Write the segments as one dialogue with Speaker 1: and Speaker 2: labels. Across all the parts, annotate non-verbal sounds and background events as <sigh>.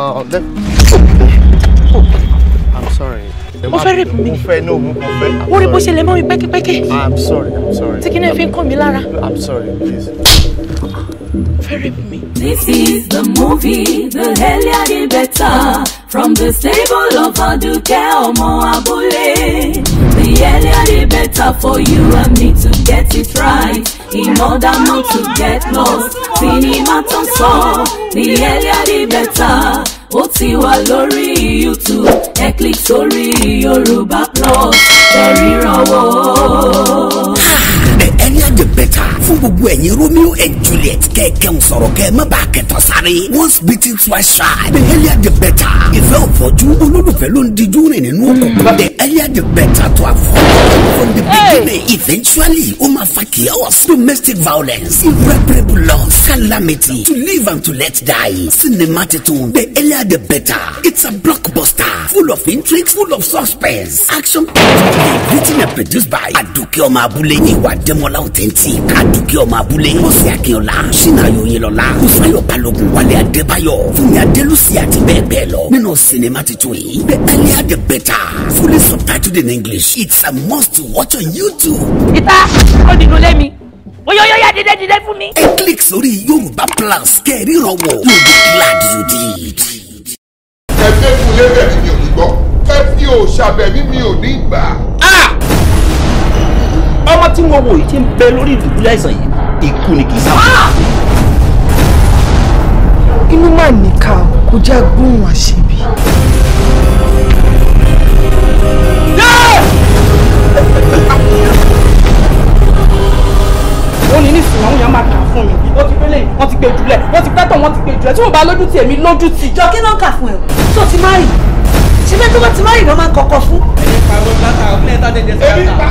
Speaker 1: Uh, oh, let... I'm sorry. Mo fẹ́ rape
Speaker 2: mi. Mo fẹ́ no mo fẹ́. Wọ́n rí bó ṣe lè mọ́ mi pẹ́kípẹ́kí. I'm sorry I'm sorry. Tí kìnìún fi ń mí lára. I'm sorry please.
Speaker 3: Fẹ́ rape mi. This is the movie, the earlier the better. From the stable of Aduke Omo Abule. The earlier the better for you and me to get it right. in order not to get lost cinema tó ń sọ the earlier the better ó ti wà lórí youtube ẹ click sórí yorùbá plus ẹ ríran
Speaker 2: the better. fún gbogbo ẹ̀yin romeo and juliet kẹ̀kẹ́ ń sọ̀rọ̀ kẹ́ má bàa kẹtọ̀ sáré. once bitten twice shy. the earlier the better. ìfẹ́ òfọ́jú olólùfẹ́ ló ń dijú rìn nínú òkùnkùn. Mm-hmm. the earlier the better to avoid from the beginning. Hey. eventually ó máa fa chaos domestic violence irreparable loss calamity to live and to let die. cinema titun the earlier the better. it's a blockbuster full of intrigue full of suspense action packed written and produced by aduke ọmọ abúlé ìwà dẹ́mọ́lá òtẹ́ èkìtì kádùkẹ́ ọmọ abúlé bọ́sì akínọlá sínú ayò yẹn lọ́la kùsùmáyọ̀ balógun fúnmi adélùsì àti bẹ́ẹ̀ bẹ́ẹ̀ lọ nínú sinimá titun yìí the earlier the better fully subtitled in english it's a must to watch on youtube. ìta ó dìgbò lé mi
Speaker 3: oyoyoya dídé dídé fún mi. ẹ
Speaker 2: kílíkì sórí yorùbá plus kẹrin ìrànwọ́ you be glad you did. ẹgbẹ́ fún lébẹ̀ mi ò gbọ́ ẹ fi òòṣà bẹ̀ mí mi ò ní gbà. Ah! ọmọ tí mo wò yìí ti ń bẹ lórí ìdùbúlẹ̀ àìsàn yìí ikú ni kì í sábà.
Speaker 4: inú máa nìka kò jẹ́ gbóhùn àṣebí.
Speaker 2: wọ́n ní nísìnyí àwọn èèyàn máa kà fún mi wọ́n ti gbélé wọ́n ti gbé jùlẹ̀ wọ́n ti pẹ́tọ̀ wọ́n ti gbé jùlẹ̀ tí mo bá lójú tì èmi lójú tì. jọ kí ló ń kà fún ẹ tó ti máa rì ṣé tó bá ti máa rì ló máa ń fún. ẹ̀yin pariwo látara ọ̀gbìn ẹ̀ta dẹ̀dẹ̀ sí àtà.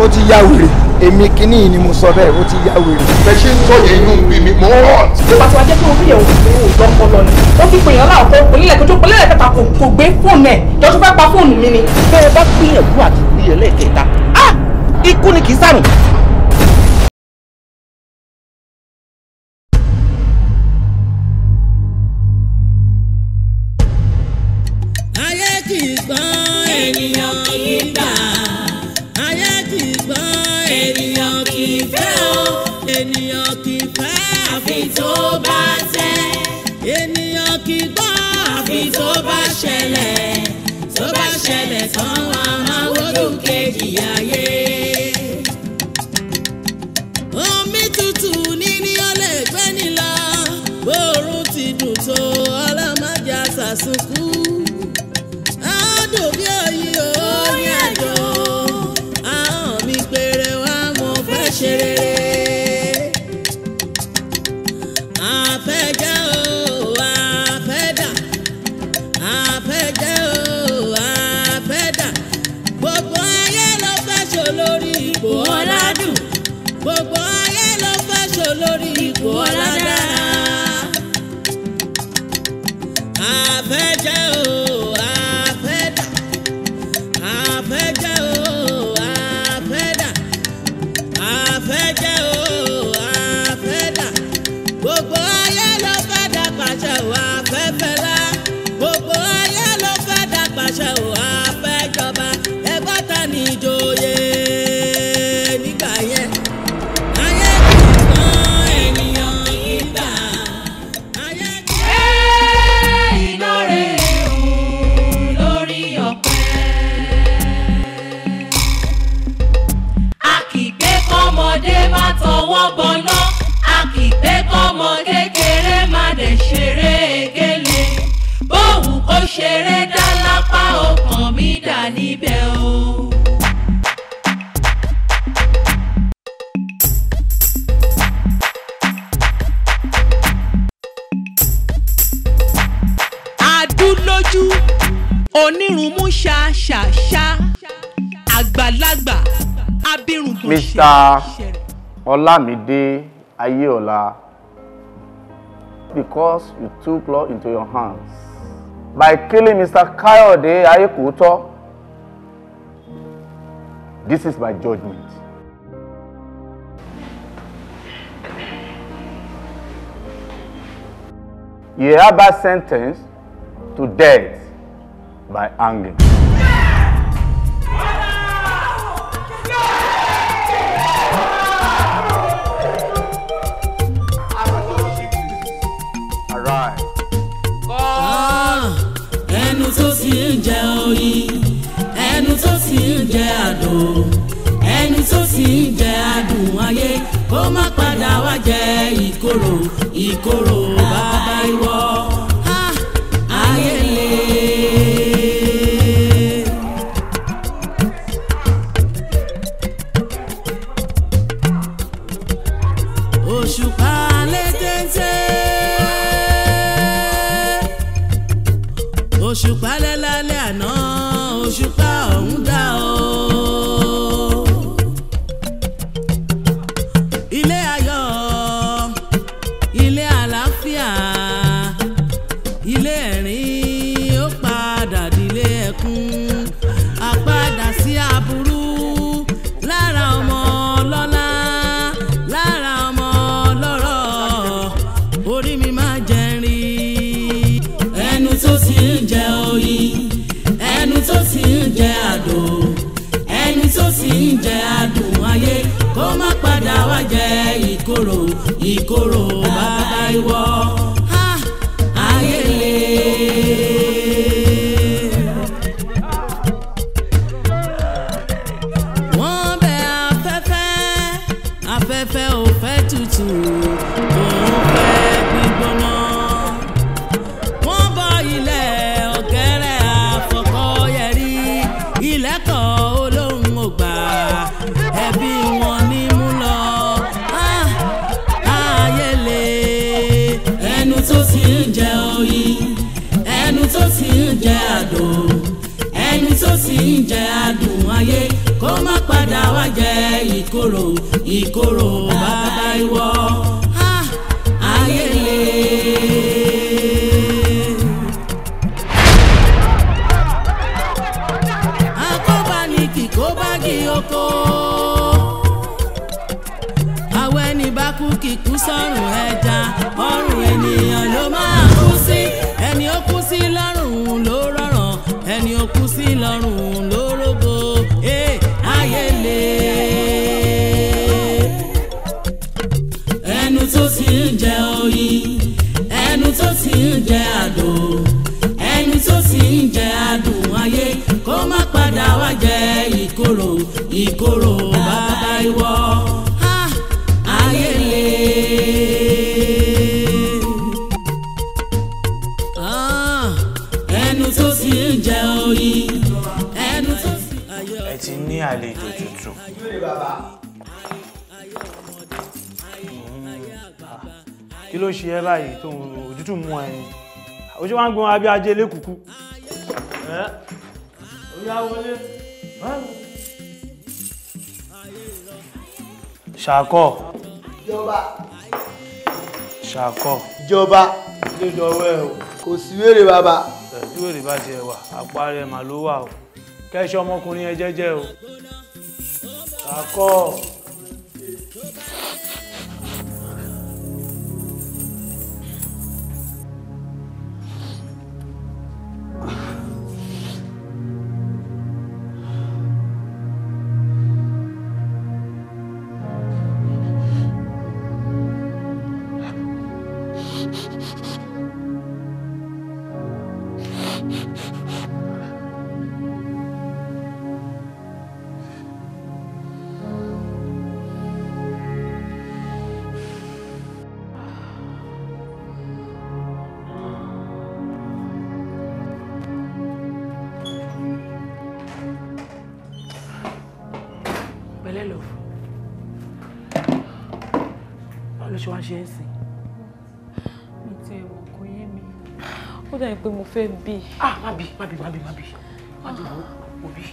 Speaker 2: ó ti ya wèrè èmi kínní yìí ni mo sọ bẹ́ẹ̀ ó ti ya wèrè. bẹ́ẹ̀ ṣe ń sọ yẹn inú bí mi mọ́ ọ́. tó bá ti wá jẹ́ pé orí ẹ̀wọ̀n ló ń gbọ́ ọpọlọ ni ó fi pèèyàn láwọn kó onílẹ̀ kójú onílẹ̀ kẹta kò kò gbé fóònù ẹ̀ lọ́sùn fẹ́ pa fóònù mi ni. bẹ́ẹ̀
Speaker 1: bá gbìyànjú àti gbìyànjú lẹ́ẹ̀kẹta ah! ikú ni kì í sàrùn.
Speaker 3: àfi tó bá tẹ́. ènìyàn kì í gbọ́ àfi tó bá ṣẹlẹ̀ tó bá ṣẹlẹ̀ tán wàá máa wọ́dún kejì yá. ṣeré egéle bóun kò ṣeré dá lápá ọkàn mi dà níbẹ̀ o.
Speaker 2: adúlójú onírúnmú ṣàṣàṣà àgbàlagbà abirùn kò ṣe. Mr. Olamide, Ayéọlá because you took law into your hands. By killing Mr. Kayode Ayekuto, this is my judgment. You have are sentenced to death by hanging.
Speaker 3: tó sì ń jẹ oyin ẹnu tó sì ń jẹ àdùn ẹnu tó sì ń jẹ àdùn ayé kó má padà wá jẹ ìkorò ìkorò bàbá ìwọ. kóró bàbá ìwọ.
Speaker 2: òtútù mú ẹ ni ó ṣe wá ń gbọ́n abí ajé lẹ́kùkú
Speaker 3: ẹ́ ó yá wọlé
Speaker 2: ṣàkọ́ ìjọba ìjọba kò sí wèrè bàbá tí wèrè bá ti ẹ̀wà àparí ẹ̀ mà ọmọkùnrin
Speaker 1: ẹ jẹ́jẹ́ o ṣàkọ́.
Speaker 2: fẹ́ bí. ah má bí má bí má bí má bí má bí wo bí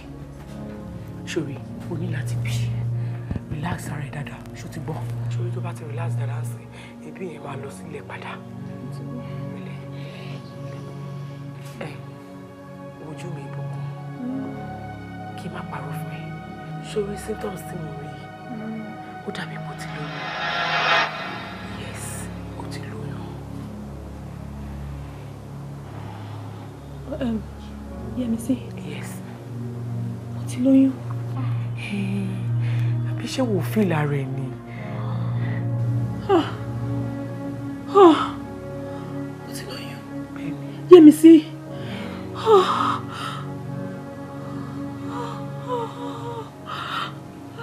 Speaker 2: sori o ní láti bí relax ara ẹ dáadáa ṣó ti gbọ́
Speaker 4: sori tó bá ti relax dáadáa sí ebi yẹn máa lọ sílẹ̀ padà ẹ ojú mi ìbùkún kí n má parọ́ fún ẹ sori symptoms tí mo rí ó dàbí mọ́. ṣé wò fi lára ẹ̀ ni.
Speaker 5: ó ti lóyún yémi sí.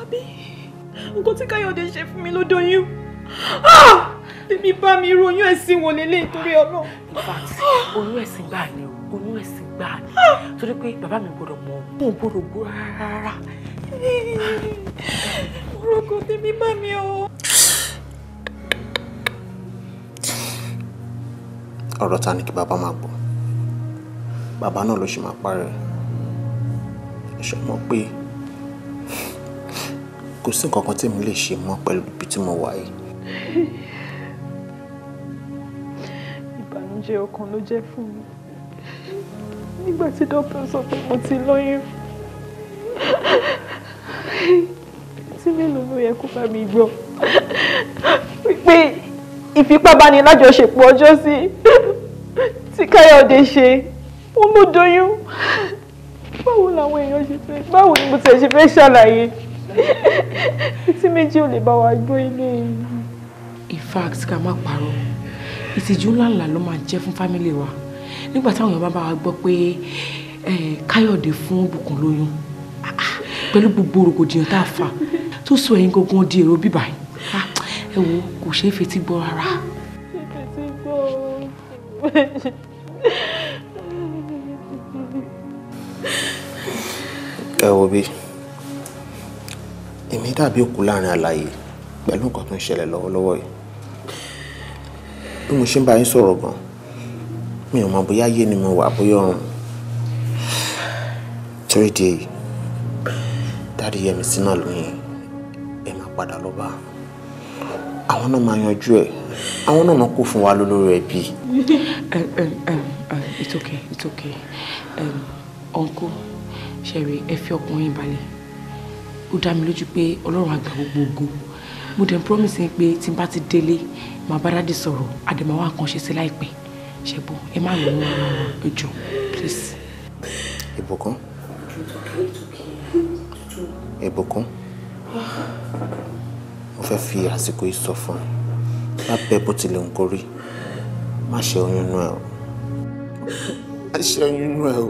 Speaker 5: àbí nǹkan tí káyọ̀dé ṣe fún mi ló dóyún èmi bá mi ronyún ẹ̀sìn wò lélẹ̀ nítorí ọ̀nà.
Speaker 4: oyún ẹ̀sìn gbà ni o oyún ẹ̀sìn gbà ni torí pé bàbá mi gbọ́dọ̀ mọ̀ ọ́n gbọ́dọ̀ gbọ́ rárá àbúrò kò tèmi bá mi o.
Speaker 2: ọ̀rọ̀ ta ni kí bàbá máa gbọ́ bàbá náà ló ṣì máa parẹ́ ẹ̀ṣọ́ mọ̀ pé kò sí nǹkan kan tí mo lè ṣe mọ́ pẹ̀lú ibi tí mo wà yìí.
Speaker 5: ìbànújẹ́ ọkàn ló jẹ́ fún mi nígbà tí dókítà sọ pé mo ti lóyún etí mélòó ló yẹ kó bá mi gbọ́ wípé ìfipábánilájọṣepọ̀ ọjọ́ sí tí Káyọ̀dé ṣe ó mú doyún báwo làwọn èèyàn ṣe fẹ́ báwo ni mo tẹ̀ ṣe fẹ́ ṣàlàyé etí méjì ò lè bá wa gbọ́ ilé
Speaker 4: yìí. in fact ká má parọ́ ìtìjú ńláńlá ló máa jẹ́ fún fámílì wa nígbà táwọn èèyàn bá bá wa gbọ́ pé eh, Káyọ̀dé fún Bùkún lóyún ah, ah, pẹ̀lú gbogbo rògbòdìyàn tá a fà tó sọ ẹ̀yin gangan di èrò bíbá yìí ah. ẹ wo kò ṣeé fetí gbọ́ rárá.
Speaker 5: fetí gbọ́
Speaker 2: ẹ wo bí èmi dàbí òkú láàrin àlàyé pẹ̀lú nǹkan tó ń ṣẹlẹ̀ lọ́wọ́lọ́wọ́ yìí bí mo ṣe ń bá yín sọ̀rọ̀ gan mi ò mọ̀ bóyá ayé ni mo wà bóyá ọ̀run torí di dáàdi Yẹmisí náà lóyún padà lọ bá àwọn náà máa yanjú ẹ àwọn náà máa kó fún wa lólórí ẹbí.
Speaker 4: it's okay it's okay uncle ṣẹ̀rí ẹ fi ọkùnrin balẹ̀ ó dá mi lójú pé ọlọ́run àgbà gbogbo ogun mo dẹ̀ ń promise yín pé tí n bá ti délé màá bá dáàdì sọ̀rọ̀ àdèmàwá kan ṣe sí láìpẹ́ ṣẹ̀gbọ́n ẹ má
Speaker 2: lọ́wọ́ ẹjọ́ please. ìbùkún ìbùkún.
Speaker 5: Ah
Speaker 2: fẹ́ fi àsìkò yìí sọ fún ẹ má bẹ bó tilẹ̀ ń korí má ṣe oyún inú ẹ o má ṣe oyún inú ẹ o.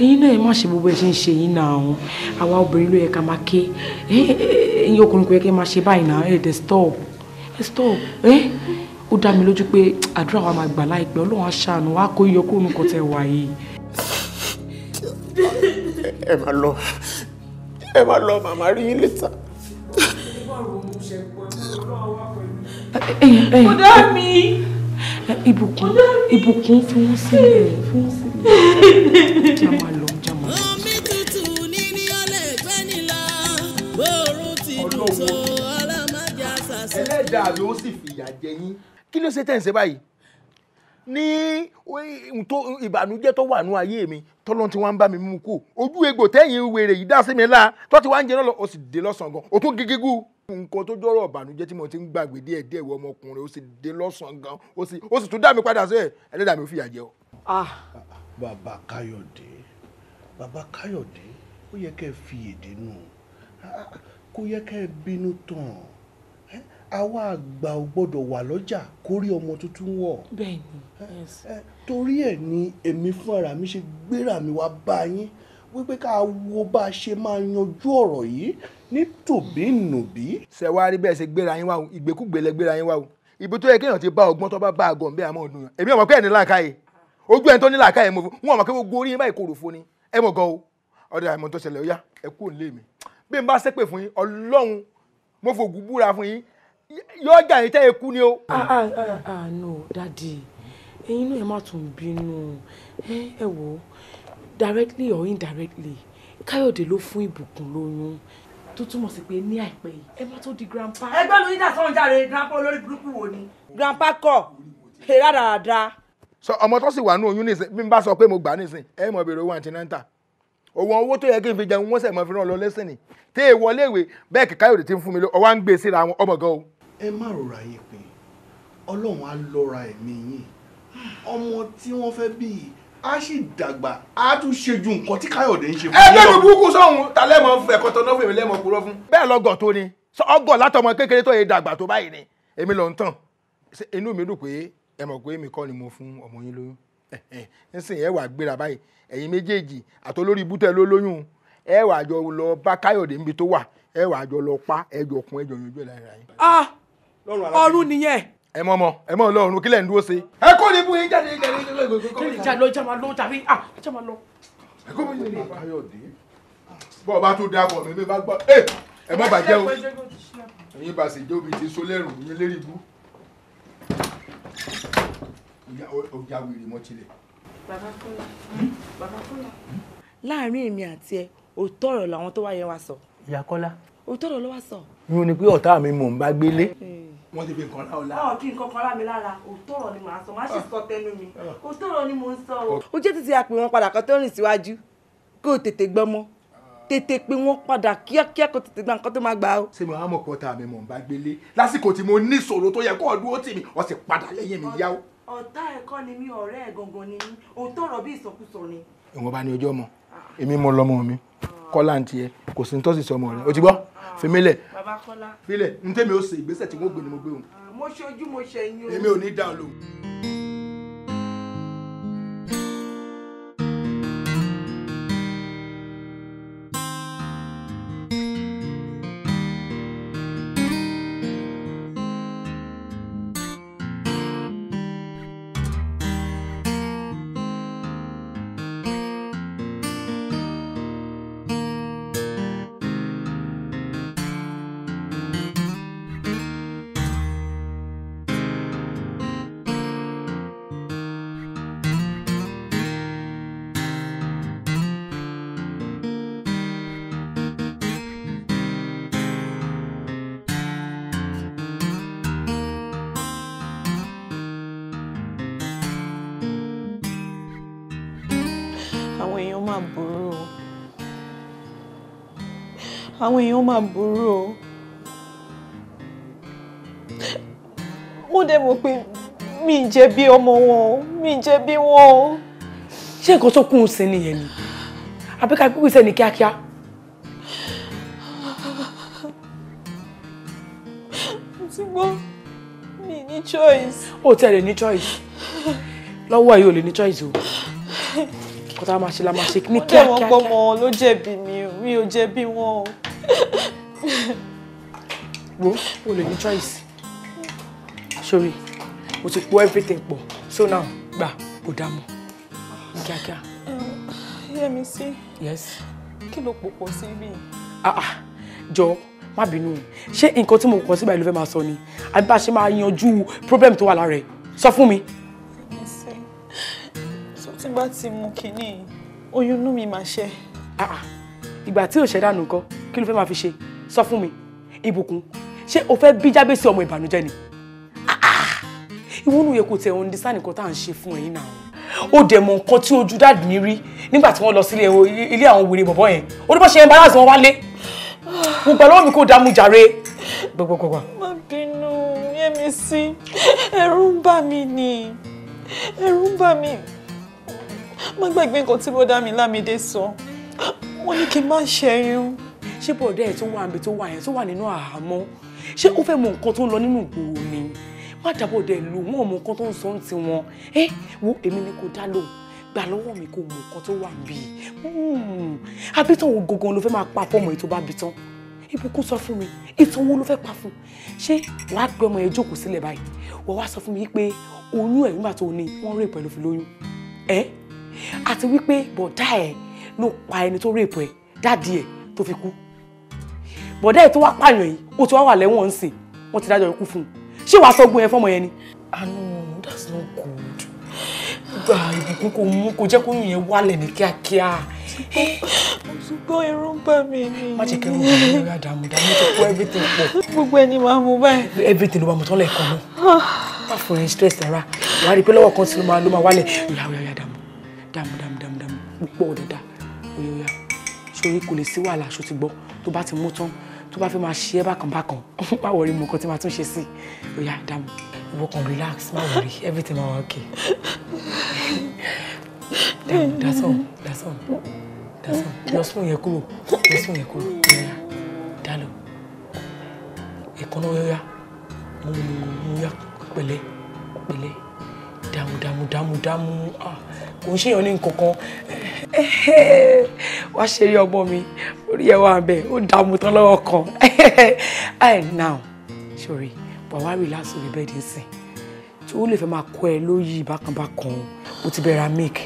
Speaker 4: ẹ̀yin náà ẹ má ṣe gbogbo ẹ ṣe ń ṣe yín náà àwọn àwa obìnrin ló yẹ ká máa ké ẹ̀yin ọkùnrin kò yẹ ká máa ṣe báyìí náà ẹ dẹ stop ẹ stop ẹ ó dá mi lójú pé àdúrà wa máa gbà láìpẹ́ Ọlọ́run á ṣàánú wa kó yọ kó nù kọtẹ wà yìí
Speaker 2: ẹ máa lọ ẹ máa lọ màmá rí yín létà.
Speaker 5: kódà mi. ìbùkún ìbùkún fi wọ́n sílẹ̀ fi wọ́n sílẹ̀ jẹ́ máa lọ jẹ́ máa lọ. omi
Speaker 1: tútù ní ní ọlẹ́ ìfẹ́ nílá oorun
Speaker 2: ti dùn tó ọlọ́mọdé àṣàṣe. ẹlẹ́dàá ló sì fìyà jẹ yín kí ló ṣe tẹ̀ ń ṣe báyìí ní ìbànújẹ́ tó wà ní ayé mi tọ́lọ́n tí wọ́n ń bá mi mú kú ojú egbò tẹ́yìn wèrè yìí dá sí mi la tó ti wá ń jẹ náà lọ o sì dé lọ́sàn-án gan o tún gígígú. nǹkan tó jọrọ ọ̀bànújẹ́ tí mo ti ń gbàgbé díẹ̀ díẹ̀ wọ ọmọkùnrin o sì dé lọ́sàn-án gan o sì o sì tún dá mi padà sí ẹ̀ ẹlẹ́dàá mi ò fìyà jẹ o. Ah. bàbá káyọ̀dé bàbá káyọ̀dé ó yẹ kẹ́ ẹ fi èdè nù ah, kó yẹ kẹ́ ẹ bínú tán àwa àgbà ò gbọ́dọ̀ wà lọ́jà kórí ọmọ tuntun wọ̀. bẹ́ẹ̀ni torí ẹ̀ ni èmi fúnra mi ṣe gbéra mi wá bá yín wípé ká wo bá a ṣe máa yanjú ọ̀rọ̀ yìí ní tòbí nùbí. ṣe wá rí bẹ́ẹ̀ ṣe gbéra yín wá o ìgbékúgbé lẹ gbéra yín wá o ibi tó yẹ kéèyàn ti bá ọgbọ́n tó bá bá àgọ́ bẹ́ẹ̀ àmọ́ ọdún yàn èmi ọmọ pé ní làákàyè ojú ẹni tó ní làákàyè mo wọn ọmọ pé gbogbo yín báyìí kò rò fún ni ẹ mọ̀ gan o ọ̀dọ̀ yóò jà yìí tẹ́ ikú ni o. Ah, ah, ah, no dadi
Speaker 4: ẹ̀yin náà ẹ má tún bínú ẹ wò directly or indirectly káyọ̀dé ló fún ìbùkún lóyún tó túmọ̀ sí pé ní àìpẹ́ yìí
Speaker 2: ẹ má tó di grandpa. ẹgbẹ́ lóyún dà sọ́run jáde grandpa olórí burúkú wo ni. grandpa kọ èrà dáadáa. sọ ọmọ tó sì wà ní oyún nísìn bí n bá sọ pé mo gbà nísìn ẹ mọ̀ bèrè owó àǹtí náà ń tà òwò owó tó yẹ kí n fi jẹun wọ́n sẹ̀ mọ́ fi ràn lọ lẹ́sìn ni tí èèwọ̀ léèwé bẹ́ẹ̀ kí káyọ̀dé ti ń fún mi lọ ọwọ́ à ń gbé e síra wọn ọmọ gan o ẹ má rora yín pin ọlọ́run á lọ́ra ẹ̀mí yín ọmọ tí wọ́n fẹ́ bí a sì dàgbà a tún ṣe ju nǹkan tí káyọ̀dé ń ṣe fún yín lọ. ẹ lẹ́nu burúkú sọ̀hún ta lẹ́mọ̀ ẹ̀kọ́ tọ́nà fún èmi kúrọ́ fún. bẹ́ẹ̀ lọ́gọ̀ tó ni ọgọ̀ látọmọ kékeré tó yẹ dàgbà tó báyìí ni èmi lọ ń tàn inú mi dùn pé ẹ mọ̀ pé èmi kọ́ ni mo fún ọmọ yín lóyún nísìnyí ẹ wà gbéra báyìí ẹ̀yin méjèèjì àtolórí bútẹ́ ló lóyún ẹ jọ lọ bá pa ẹjọ kun ẹjọ yanjú ẹ láyé ọ̀run nìyẹn. ẹ mọ ọmọ ẹ mọ Ọlọ́run kílẹ̀ ń dúró ṣe. ẹ kó ní bóyá jáde jáde jáde jáde jáde lọ jáma lọ tàbí ah jáma lọ. ẹ kó bóyá ní káyọ̀dé bọ́ọ̀ bá tó dapọ̀ mi mi bá gbọ́ ẹ eh, ẹ má bàjẹ́ o ẹ̀yin bá ṣèjẹ́ omi ti so lẹ́rù yín lérí ibú ọjà wèrè mọ́ tilẹ̀. bàbá kọ́lá bàbá kọ́lá
Speaker 4: láàrin èmi àti ẹ òótọ́ ọ̀rọ̀ làwọn tó wá yẹn wá sọ. ìyá kọ́lá. òótọ́ ọ̀rọ̀ ló wá sọ
Speaker 2: yún ni pé ọ̀tá mi mò ń bá gbélé eh. wọ́n ti fi nǹkan lá ọ̀la.
Speaker 4: ọ̀ kí nǹkan kan lá mi lára òtọ́rọ̀ ni màá sọ má sì ah. sọ tẹnu mi ah. òtọ́rọ̀ ni mò ń sọ o.
Speaker 2: ó jẹ́ títí a pè wọ́n padà kan
Speaker 4: tó rìn síwájú
Speaker 2: kó o tètè gbọ́mọ ah. tètè pé wọ́n padà kíákíá kó tètè gba nǹkan tó máa gbà o. ṣé mo àmọ̀ pọ̀ tá mi mọ̀ ń bá gbélé lásìkò tí mo ní ìṣòro tó yẹ kó o dúró tì mí ó sì padà lẹ́yìn mi yá o.
Speaker 4: ọ̀tá ẹ̀kọ́ ni mí ọ̀rẹ́ ẹ̀ gangan ni mí òtọ́rọ̀ bí ìsọkúsọ ni.
Speaker 2: ìwọ̀n bá ní ojú ọmọ èmi mo lọmọ mi kọ́lá ń tiẹ̀ kò sí ní tọ́sí sọmọ rẹ̀ o ti gbọ́ fèmílẹ̀ fílẹ̀ ntẹ́mi ó ṣe ìgbésẹ̀ tí wọ́n gbé ni mo gbé wọn. Ah, mo ṣojú mo ṣẹ̀yìn o. èmi ò ní dá a lóhùn.
Speaker 5: máa burú o àwọn èèyàn máa burú o mo dẹ̀ mọ̀ pé mi ì jẹ̀bi ọmọ
Speaker 4: wọn o mi ì jẹ̀bi wọn o. ṣé nǹkan tó kún un sí nìyẹn ni àbí ká pípín sẹ́ni kíákíá.
Speaker 5: ṣùgbọ́n mi ní choice.
Speaker 4: ó tẹ̀lé ní choice
Speaker 2: lọ́wọ́ yìí ò lè ní choice o tá a ṣe la máa ṣe ní kíákíá. wọ́n
Speaker 5: gbọ́mọ ló jẹ̀bi mi mi ò jẹ̀bi wọn
Speaker 2: <laughs> wo o lè ní choice sorry mo ti po everything pọ̀ so now gbà kò dá mọ́ ní kíákíá. yẹ́mi sí. yes.
Speaker 5: kí ló pò pọ̀ sí mi.
Speaker 2: ah ah jọ má bínú ṣé nǹkan
Speaker 4: tí mo kàn síbà ló fẹ́ máa sọ ni àbí bá a ṣe máa yanjú problem tó wà lára ẹ̀ sọ fún mi
Speaker 5: tí bá ti mu kínní oyún inú mi máa ṣe. Ah, ah.
Speaker 4: ìgbà tí òṣèré dànù nǹkan kí ló fẹ́ máa fi ṣe sọ fún mi ìbùkún
Speaker 2: ṣé o fẹ́ bí jábèsí ọmọ ìbànújẹ́ ni ìwúnú yẹ kó tẹ ohun dísáì nǹkan tá à ń ṣe fún ẹ̀yin náà ó dẹ̀ mọ nǹkan tí ojú dáàdì mi rí nígbà tí wọ́n lọ sílé ilé àwọn wèrè bọ̀bọ̀ yẹn olúbọ̀ ṣe embarrass wọn wálé gbogbo àlọ́ mi kò dààmú jàre
Speaker 4: gbogbogbò. má
Speaker 5: bínú yẹ́mi sí ẹ̀rù ń bà mí ni ẹ̀rù ń bà mí má gbàgbé nǹkan tí bọ́dá mi Lámídé sọ
Speaker 2: wọ́n ní kí n má ṣẹ́yún. ṣé bọ̀dá ẹ̀ tó wà níbi tó wà yẹn tó wà nínú àhámọ́ ṣé ó fẹ́ mọ nǹkan tó ń lọ nínú ìgboro ni má dàbọ̀ dẹ̀ lù wọ́n mọ nǹkan tó ń sọ ti wọn ẹ wo èmi ni kò dá lóhùn gbà lọ́wọ́ mi kò mọ nǹkan tó wà níbí
Speaker 3: hmm.
Speaker 2: abítán wo gangan ló fẹ́ máa pa fọ́ọ̀mù ètò bá bitán ibùkún sọ fún mi ìtàn wo ló fẹ́ pa
Speaker 4: fún ṣé wàá gbé ọmọ yẹn jókòó sílẹ̀ báyìí wọ́n wá sọ fún mi pé oyún ẹ̀ nígbà tó ní wọ́n rè pẹ̀lú fi lóyún ẹ́ àti wípé bọ̀dá ẹ̀ ló pa ẹni tó rèpọ̀ ẹ̀ dáàdi ẹ̀ tó fi kú bọ̀dá ẹ̀ tó wá pààyàn yìí ó ti wá wà
Speaker 2: lẹ́wọ̀n ń sìn wọ́n ti dájọ́ ikú fún un ṣé wàá sọ́gun ẹ fọ́mọ yẹn ni. àánú ah, that's not good gba ìbùkún kò mú kò jẹ́ kó yùn yẹn wálẹ̀ ní kíákíá.
Speaker 4: ṣùgbọ́n ẹ̀rù
Speaker 2: ń bà mí ni. má jẹ́
Speaker 4: kẹ́rù bá mi lórí àdàmú dàmú tó kó everything pọ̀. gbogbo ẹni máa mú báyìí. everything ló máa mú tán lẹ́ẹ̀kan náà. má fòrin stress rárá wàá rí i pé lọ́wọ́ kan sí ló máa wálẹ̀ yàwó púpọ̀ dáadáa oya
Speaker 2: sori kò lè sí wàhálà aṣọ ti gbọ́ tó bá ti mú tán tó bá fẹ́ máa ṣe é bákan
Speaker 4: má wọrí mo kàn tí máa tún ṣe sí oya dàmú ìwọ kan relax má wọrí everything ma wà okay dàmú that's all that's all that's
Speaker 2: all lọ sún yẹn kúrò lọ sún yẹn kúrò oya dàlọ ìkànnà oya mo mo mo ya pẹ̀lẹ́ pẹ̀lẹ́ dàmú
Speaker 4: dàmú dàmú dàmú ah kò ń ṣèyàn ní nǹkankan <laughs> wá ṣe rí ọmọ mi orí ẹ wà bẹ́ẹ̀ ó dá mu tán lọ́wọ́ kan i <laughs> now sorry bàbá rí láti orí bẹ́ẹ̀ dín sìn tí ó lè fẹ́ máa kọ́ ẹ lóyè bákanbákan ó ti bẹ̀rẹ̀ amík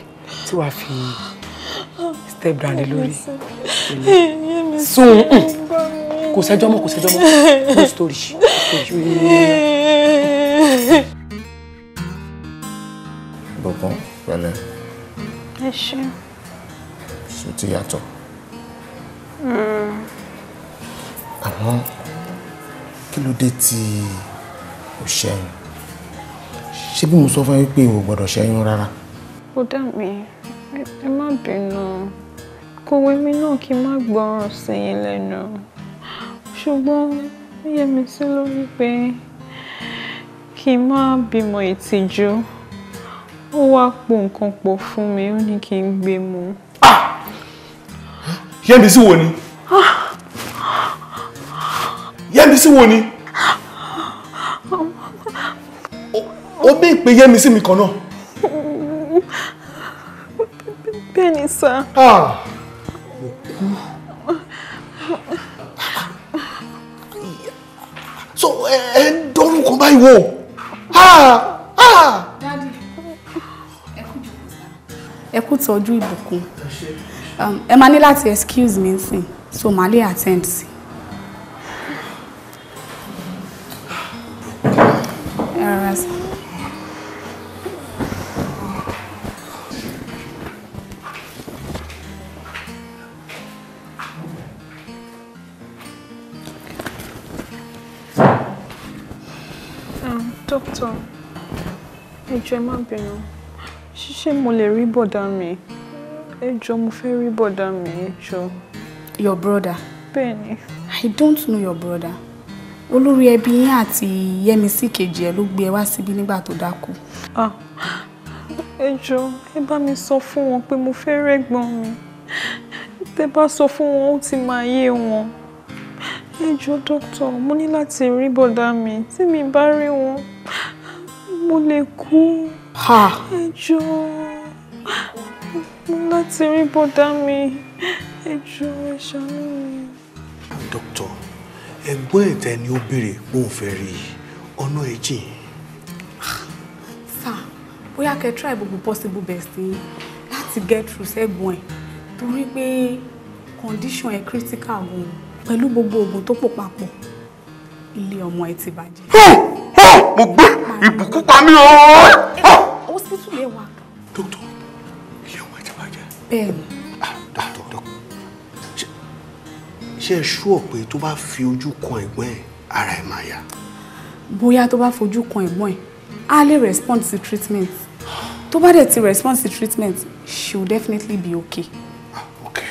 Speaker 4: tí wàá fi step down lé lórí sùn mm, kò sẹ́jọ́ mọ́ kò sẹ́jọ́ mọ́ kò
Speaker 2: sítórì kò ṣe. ṣe ti yàtọ̀. Hmm. àmọ́ kí ló dé tí o ṣẹ́yìn ṣé bí mo sọ fún yín pé o gbọ́dọ̀ ṣẹ́yìn rárá.
Speaker 5: ó dà mí ẹ má bínú kòwé mi náà kí n má gbọ́ràn sí yín lẹ́nu ṣùgbọ́n ó yẹ mi sí lórí pé kí n má bímọ ìtìjú ó wá po nǹkan pọ̀ fún mi ó ní kí n gbé mu. Ah!
Speaker 2: yẹ́nbísí wo ni ah! yẹ́nbísí wo ni ó bí ìpè yẹ́nbísí mi kan náà. bẹ́ẹ̀ ni sá. Ah!
Speaker 4: so ẹ ẹ dọ́rùn kan báyìí wò. Ah! Ah! ẹ kú tọ́jú ìbùkún um, ẹ máa ní láti excuse me nsìn so màá lè attend sí. ẹ rárá
Speaker 5: um, Doctor, ẹ jọ̀ọ́ ẹ má ṣé mo lè rí bọ̀dá mi ẹ jọ̀ọ́ mo fẹ́ rí bọ̀dá mi ẹ
Speaker 4: jọ̀ọ́. your brother. bẹ́ẹ̀ni. i don't know your brother olórí ẹbí yín àti yẹmísí kejì ẹ ló gbé ẹ wá síbí nígbà tó dákú. Ah,
Speaker 5: ẹ jọ̀ọ́ ẹ bá mi sọ fún wọn pé mo fẹ́ rẹ́gbọ́n mi tẹ bá sọ fún wọn ó ti máa yé wọn ẹ jọ̀ọ́ dókítà mo ní láti rí bọ̀dá mi tí mi bá rí wọn mo lè kú ẹjọ́ láti rí bọ́dá mi ẹjọ́ ìṣàánú mi.
Speaker 2: dókítà ẹ̀gbọ́n ẹ̀tẹ́ ni ó béèrè pé òun fẹ́ rí ọ̀nà ẹ̀jìn.
Speaker 4: sà bóyá kẹ́ try gbogbo possible best láti get through sẹ́gbọ̀n ẹ̀ torí pé condition ẹ̀ critical gan pẹ̀lú gbogbo oògùn tó pò papọ̀ ilé ọmọ ẹ ti bàjẹ́. mo gbé ìbùkún pa mí o. bẹ́ẹ̀ ni. dọ́kítọ̀
Speaker 2: dọ́kítọ̀ ṣé ẹ ṣúọ̀ pé tó bá fi ojú kan ẹ̀gbọ́n ẹ̀ ara ẹ̀
Speaker 4: máa yá. bóyá tó bá fojú kan ẹ̀gbọ́n ẹ̀ á lè respond sí treatment tó bá dẹ̀ ti respond sí treatment she will definitely be okay. Ah,
Speaker 2: okay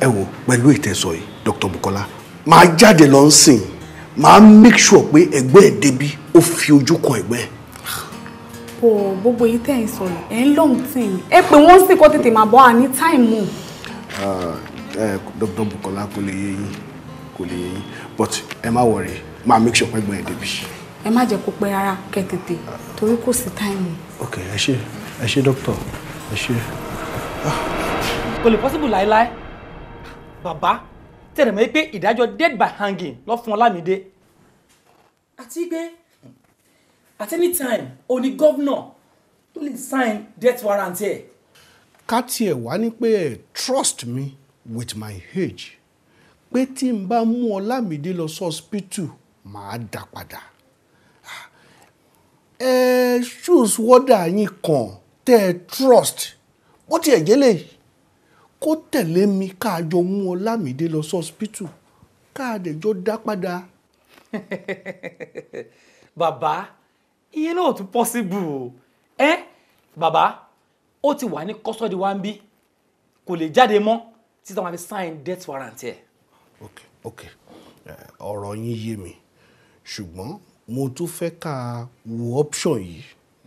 Speaker 2: ẹ wo pẹ̀lú ìtẹ̀sọ̀ yìí dr bukola máa jáde lọ ń sìn máa make sure pé ẹ̀gbọ́n ẹ̀ débi ó fi ojú kan ẹ̀gbọ́n ẹ̀
Speaker 4: pọ̀ gbogbo èyí tẹ̀ ń sọ yìí ẹ̀ ń lóhùn tì mí ẹ pé wọ́n sì kó tètè máa bọ́ àní táìmù.
Speaker 2: dr bukola kò lè yé yín kò lè yé yín but ẹ má wọrí máa make sure pẹ́gbọ́n ẹ̀ débi.
Speaker 4: ẹ má jẹ́ kó pẹ́ rárá kẹ́ tètè torí kò sí táìmù.
Speaker 2: ok ẹ ṣe
Speaker 1: ẹ ṣe dókítà ẹ ṣe.
Speaker 4: kò lè possible láéláé
Speaker 2: bàbá tẹ̀lé mọ́ pé ìdájọ́ dead by hanging lọ fún Ọlámídé. àti pé at any time òní governor, tó lè sign death warrant ẹ̀. ká tiẹ̀ wá ní trust me with my age pé tí n bá mú Ọlámídé lọ sọ́spítù màá dá padà ẹ ṣùs wọ́dà yín kan tẹ́ ẹ trust bó tiẹ̀ jẹ́lẹ̀ kó tẹ̀lé mi ká a jọ mú Ọlámídé lọ sọ́spítù ká a dá padà. <laughs> bàbá ìyẹn náà tún possible o ẹ bàbá ó ti wà ní custody wa ń kò lè jáde mọ́ títí wọn fi sign death warrant ẹ. ok ok ọ̀rọ̀ yín yé mi ṣùgbọ́n mo tún fẹ́ ká wo option yìí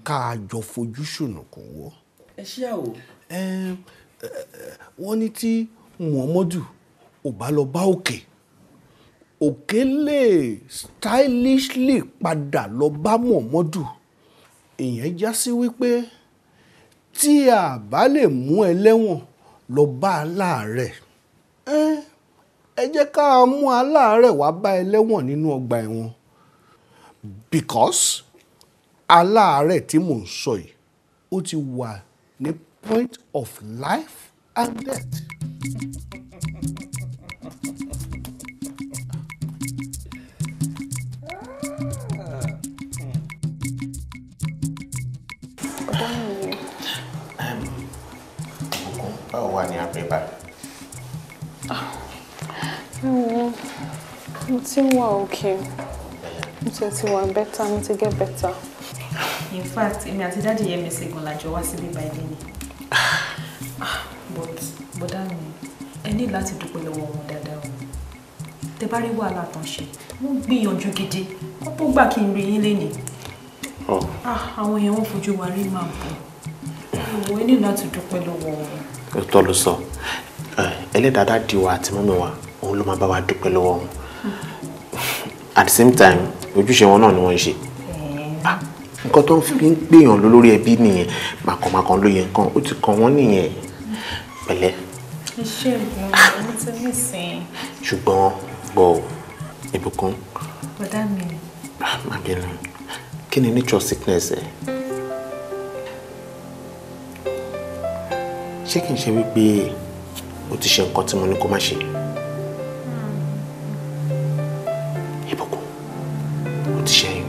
Speaker 2: ká jọ fojú ṣùnùkùn wò. ẹ ṣí àwò. wọ́n ní tí muhammadu ò bá lọ bá òkè. Okay Òkélè stylishly padà lọ bá Muhammadu ìyẹn já sí wípé tí a bá lè mú ẹlẹ́wọ̀n lọ bá aláàárẹ̀ ẹ jẹ́ ká mú aláàárẹ̀ wá bá ẹlẹ́wọ̀n nínú ọgbà ẹ̀wọ̀n because aláàárẹ̀ tí mò ń sọ yìí ó ti wà ní point of life and death. báwo wà ní àpébà.
Speaker 5: ẹ̀wọ̀n ah, mo ti ń wà òkè mo ti ti wà bẹ́tà mo ti gẹ́ bẹ́tà. in fact èmi àti dáàdi yẹn mi ṣègùn
Speaker 4: làjọ wá síbí báyìí ni ah, but bọ́dá mi ẹ ní láti dúpẹ́ lọ́wọ́ wọn dáadáa o tẹ bá rí wàhálà tán ṣe wọ́n gbìyànjú gidi
Speaker 5: wọ́n tó gbà kí n rí yín lénìí oh. ah, àwọn èèyàn wọn fojú wa rí màá bọ̀
Speaker 4: ìwọ ẹ ní láti dúpẹ́ lọ́wọ́ wọn
Speaker 2: òótọ́ ló sọ ẹlẹ́dàá dáàdì wa àti mọ́mí wa òun ló máa bá wa dúpẹ́ lọ́wọ́ wọn at the same time ojúṣe wọn náà ni wọ́n ń ṣe ah, nǹkan tó ń fi ń gbèyàn lórí ẹbí nìyẹn màkànmákàn ló yẹ nǹkan ó ti kàn wọ́n nìyẹn pẹ̀lẹ́.
Speaker 5: iṣẹ́ ìgbọ̀n ọ̀hún ti mí sìn.
Speaker 2: ṣùgbọ́n gbọ́ ìbùkún. bọ̀dá mi. Ah, má kí ni nature sickness ẹ. Eh? ṣé kì í ṣe wípé o ti ṣe nǹkan tí mo ní kó má ṣe. ìbùkún o ti ṣẹ́yún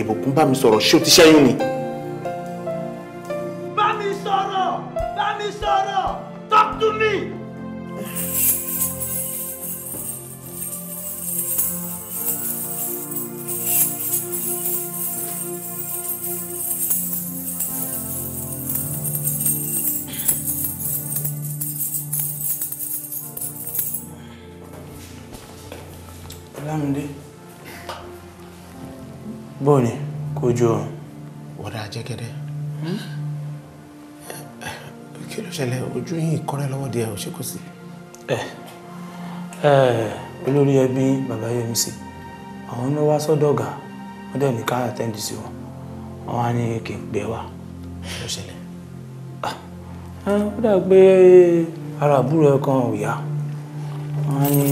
Speaker 2: ìbùkún bá mi sọ̀rọ̀ ṣé o ti ṣẹ́yún ni. Mm. lójú oorun. wọ́dà jẹ́gẹ́dẹ́ kí ló ṣẹlẹ̀ ojú yìí kọ́rẹ́ lọ́wọ́ díẹ̀ ò ṣe kò sí. olórí ẹbí bàbá Yẹmisí àwọn ló wá sọ́dọ̀ ọ̀gá wọ́n dẹ̀ ní ká àtẹ́ǹdì sí wọn wọ́n á ní kí n pè wá. kí ló ṣẹlẹ̀. Ah, ó dà pé ara àbúrò ẹ̀ kan ò yá wọ́n á ní.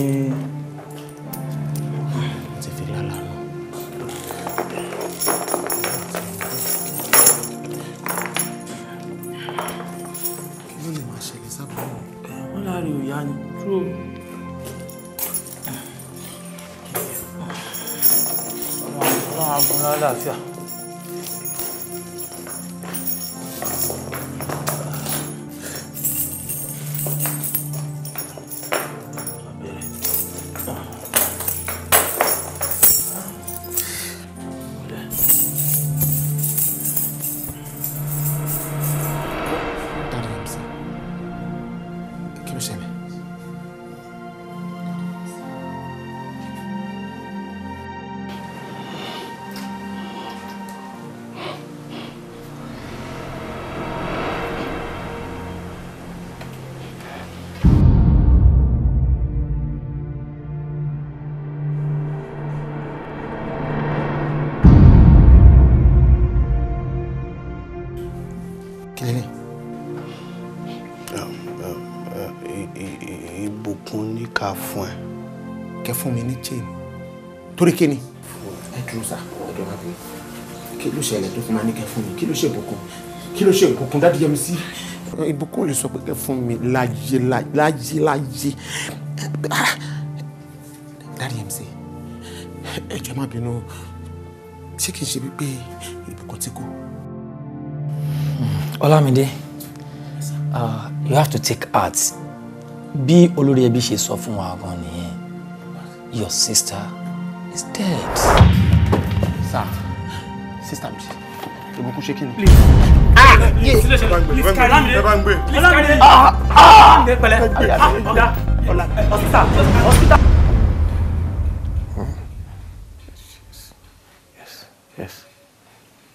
Speaker 2: fún ẹ kẹ fún mi ní chain torí kí ni. ẹ dúró sá ẹ dúró máa kí ló ṣẹlẹ̀ tó fi máa kẹ fún mi kí ló ṣe ìbùkún kí ló ṣe ìbùkún dádì yẹmi sí. ìbùkún lè sọ pé kẹ fún mi láyé láyé láyé dádì yẹmi sí ẹ jọ̀ọ́ má bínú ṣé kìí ṣe wípé ìbùkún ti kú. Olamide, uh, you have to take heart bí olórí ẹbí ṣe sọ fún wa gan nìyẹn your sister is dead. sir sister mi ìbùkún ṣe kí please ah
Speaker 1: please kàrá mi lẹ́bàá gbé please kàrá mi gbé. ah ah
Speaker 2: pẹ̀lẹ́ yes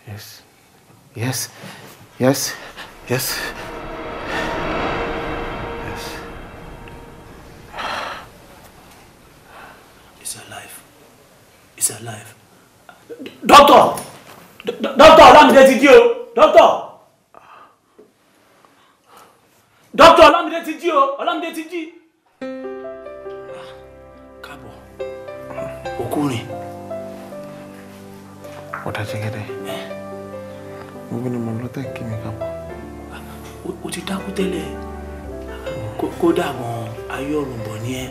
Speaker 2: yes yes yes yes. Ọlámídé ti jí o dókítà dókítà Ọlámídé ti jí o Ọlámídé ti jí. káàbọ̀ òkú ọ̀dà jẹ́gẹ́dẹ́ gbogbo ni mo lọ tẹ̀ kí mi káàbọ̀. o ti dákú tẹ́lẹ̀ kódà gan-an ayé ọ̀rùn bọ̀ ni ẹ́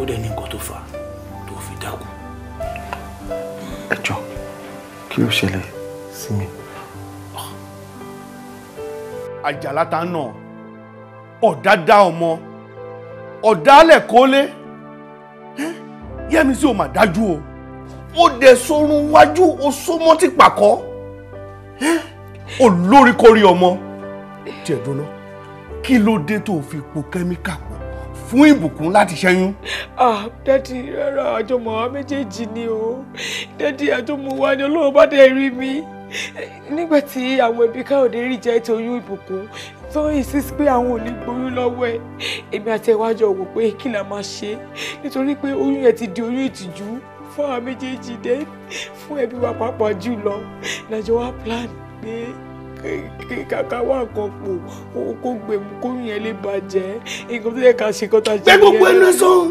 Speaker 2: ó dẹ̀ ní nǹkan tó fà tó fi dákú kí ó ṣẹlẹ̀ sí mi. àjàlá ta nà ọ̀dádá ọmọ ọ̀dálẹ̀ kólé yẹ́mi sí o mà dájú o ó dẹ̀ sorun wájú o sómọ́ tí pàkọ́ olórí kórí ọmọ tiẹ̀ dúná kí ló dé tó fi po kẹ́míkà fún ìbùkún láti ṣẹ́yún. ah dádì rárá àjọmọ̀ àwọn méjèèjì ni o dádì àjọmọ̀ wa ni Ọlọ́run bá dẹ̀ rí mi nígbà tí àwọn ẹbí káyọ̀dé rí jẹ́ toyún ìbùkún tó insist pé àwọn ò ní gboyún lọ́wọ́ ẹ̀ èmi àti ẹ̀wájọ wò pé kí la máa ṣe nítorí pé oyún ẹ̀ ti di oyún ìtìjú fún àwọn méjèèjì dé fún ẹbí wa pàápàá jù lọ làjọ wa plan pé kàkà wà kan pò kó gbèmú kó yẹn lè bàjẹ́ nǹkan tó yẹ ká ṣe kọ́ta ṣe yẹn. bẹ́ẹ̀ gbogbo ẹnu ẹ sọ́hún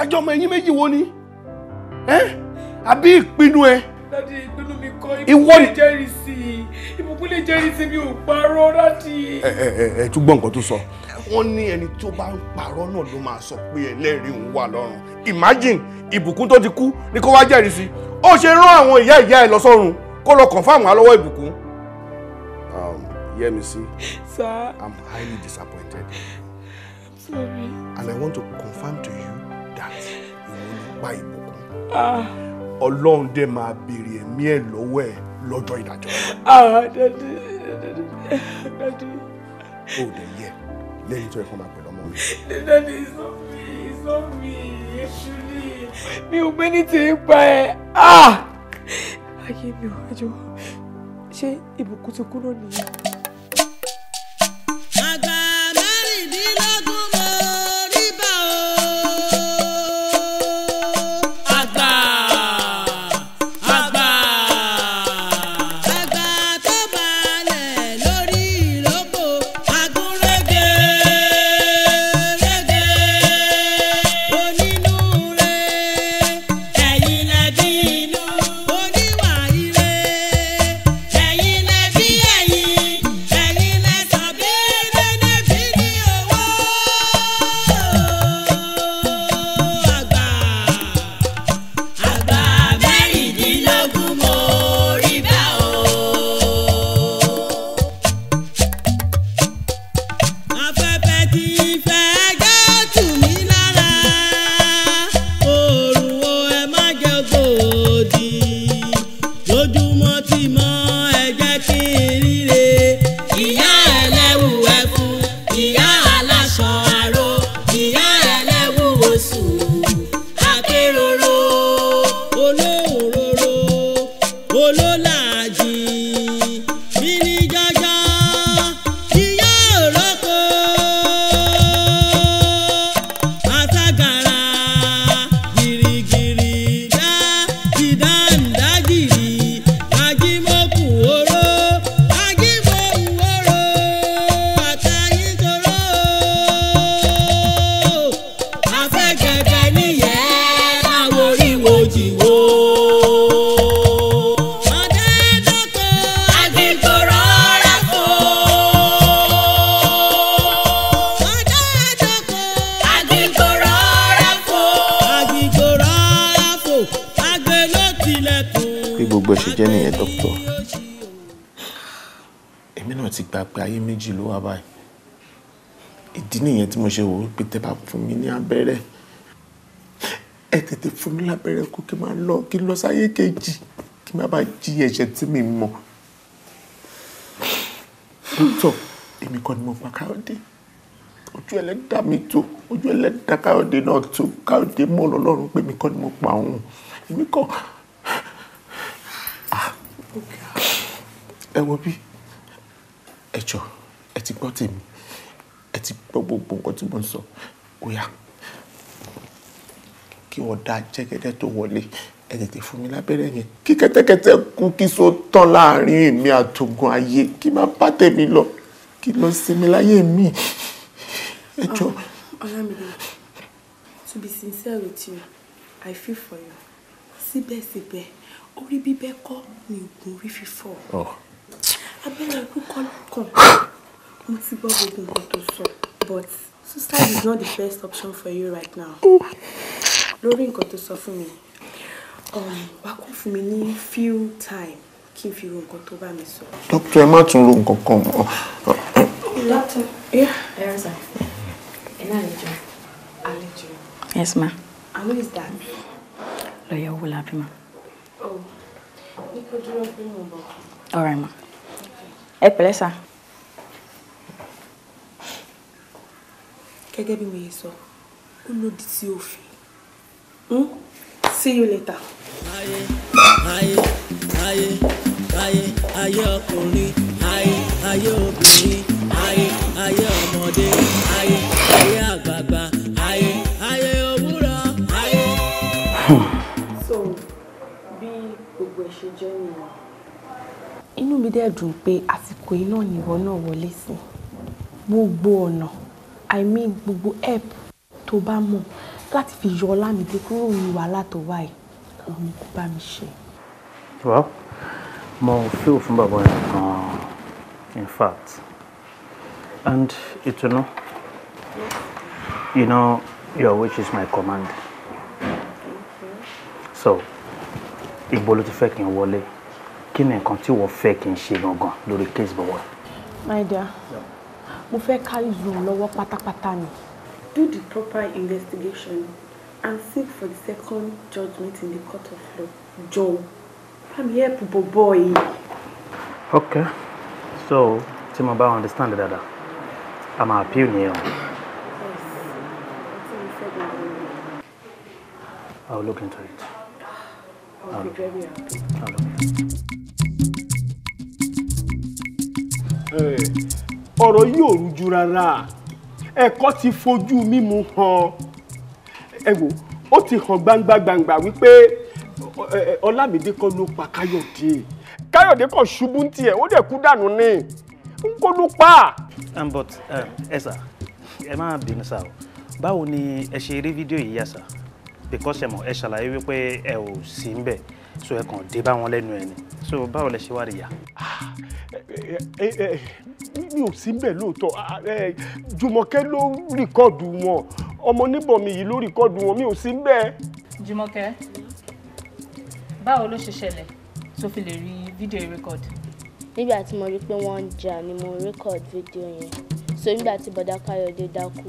Speaker 2: àjọ ọmọ ẹ̀yìn méjì wo ni àbí ìpinnu ẹ. dádì ìpinnu mi kọ́ ìbùkún lè jẹ́rìí sí i ìbùkún lè jẹ́rìí sí mi ò parọ́ dádì. ẹ ẹ ẹ tún gbọ́ nǹkan tó sọ wọ́n ní ẹni tí bá ń parọ́ náà ló máa sọ pé ẹlẹ́rìí òun wà lọ́run imagine ìbùkún tó ti kú ni kó wá jẹ́rìí sí ó ṣe rán àwọn ìyá ìyá ẹ lọ sọ́run kó lọ kàn fáwọn alọ́wọ́ ìbùkún Yemisi. Sir. I'm highly disappointed. I'm sorry. And I want to confirm to you that you will buy ìbùkún. Ah. Ọlọ́run dẹ̀ máa béèrè ẹ̀mí ẹ̀ lọ́wọ́ ẹ̀ lọ́jọ́ ìdájọ́.
Speaker 3: Ah, dadi, dadi, dadi.
Speaker 2: O ò dẹ̀ yẹ lẹ́yìn tó yẹ kó máa pẹ̀lú ọmọ mi.
Speaker 3: Dadi, it's not me, it's not me, actually.
Speaker 5: Mi ò gbé ní ti
Speaker 2: ń pa ẹ̀. Ah!
Speaker 5: Ayé mi ò wájú. Ṣé ìbùkún ti kúrò nìyẹn?
Speaker 2: pé tẹ́ bá fún mi ní abẹ́rẹ́ ẹ tètè fún mi lábẹ́rẹ́ kó kí n máa lọ kí n lọ sáyé kejì kí n má bàa jí ẹ̀ṣẹ̀ tí mi mọ̀ dókítà èmi kọ́ ni mo pa káyọ̀dé ojú ẹlẹ́dàá mi tó ojú ẹlẹ́dàá káyọ̀dé náà tó káyọ̀dé mọ̀ lọ́lọ́run pé èmi kọ́ ni mo pa òun èmi kọ́ ah, ẹ wo bí ẹ ẹ ti gbọ́ tèmi ẹ ti gbọ́ gbogbo nǹkan tí mo ń sọ ó yá kí wọ́n dá jẹ́gẹ́dẹ́ tó wọlé ẹ tètè fún mi lábẹ́rẹ́ yẹn kí kẹ́tẹ́kẹ́tẹ́ kú kí so tán láàrin èmi àtògùn ayé kí má bá tèmi lọ kí lọ sinmi
Speaker 4: láyé mi ẹ ah, jọ. Ọlámídé to be sincere with you I feel for you síbẹ̀síbẹ̀ orí bíbẹ́ kọ́ ni oògùn orí fífọ́ oh. abẹ́rẹ́ ikú kọ́ lọ́kàn mo ti gbọ́ gbogbo nǹkan tó but suicide is not the best option for you right now lórí nǹkan tó sọ fún mi um, wá kó fún mi ní few time kí n fi ro me. tó bá mi sọ.
Speaker 2: dókítà ẹ má tún ro nǹkan kan mọ́.
Speaker 4: dókítà ẹ rẹ sà ẹ náà yes ma. and who is that. Lawyer will have him, ma. oh ní kó dúró pé mo bọ̀. all right ma Hey, pẹ̀lẹ́ gẹ́gẹ́ bí mo yẹ sọ ó lòdì sí òfin hmm? see you later.
Speaker 1: ayé ayé ayé
Speaker 3: ayé ayé ọkùnrin ayé ayé obìnrin ayé ayé ọmọdé ayé ayé àgbààgbà ayé ayé òwúrọ̀
Speaker 4: ayé. so bí gbogbo ẹ ṣe jẹ́ nìyẹn. inú mi dẹ̀ dùn pé àsìkò iná nìwọ náà wọlé sí gbogbo ọ̀nà. No i mean gbogbo help tó bá mọ̀ láti fi yọ Ọlámídé kúrò ní wàhálà tó wà yìí òun kò bá mi ṣe.
Speaker 2: well mo fi òfin bàbá yẹn gan-an in fact and ìtùnú you know your wish is my command so ìgbó ló ti fẹ́ kí n wọlé kí ni nǹkan tí wọ́n fẹ́ kí n ṣe gangan lórí case bọ̀wọ̀. my dear. Yeah
Speaker 4: mo fẹ́ kárí zoo lọ́wọ́ pátápátá ni. do the proper investigation and seek for the second judgment in the court of law jọ̀ọ́ bámi help bọ̀bọ̀ yìí.
Speaker 2: Okay, so tí mo bá understand dada a máa appeal nìyẹn o. I will look into it. I'll be very happy. Hey ọ̀rọ̀ yìí ò rújú rárá ẹ̀kọ́ ti fojú mímu hàn ẹ wò ó ti hàn gbangba gbangba wípé ọlámídé kọ́ ló pa káyọ̀dé káyọ̀dé kọ́ ṣubú ń tiẹ̀ ó dẹ̀ kú dànù ni n kò ló pa. Um, but um, ẹ sà ẹ má bínú sá o báwo ni ẹ ṣe rí fídíò yìí yá sà because ẹ ẹ ṣàlàyé wípé ẹ ò sí ń bẹ̀ so ẹ kàn dé bá wọn lẹ́nu ẹ̀ ni so báwo lẹ ṣe wá rí ya. Ah, eh, eh, eh, mi ò síbẹ̀ lóòótọ́ ah, Jùmọ̀kẹ́ ló rìkọ́ọ̀dù wọn ọmọ níbọ̀ mi yìí ló rìkọ́ọ̀dù wọn mi ò
Speaker 4: síbẹ̀. Jùmọ̀kẹ́ báwo ló ṣe ṣẹlẹ̀ tó fi lè rí fídíò rẹ́kọ̀dù. nígbà tí mo rí pé wọ́n ń jà ni mo rẹ́kọ̀dù fídíò yẹn so nígbà tí bọ̀dá Káyọ̀dé dákú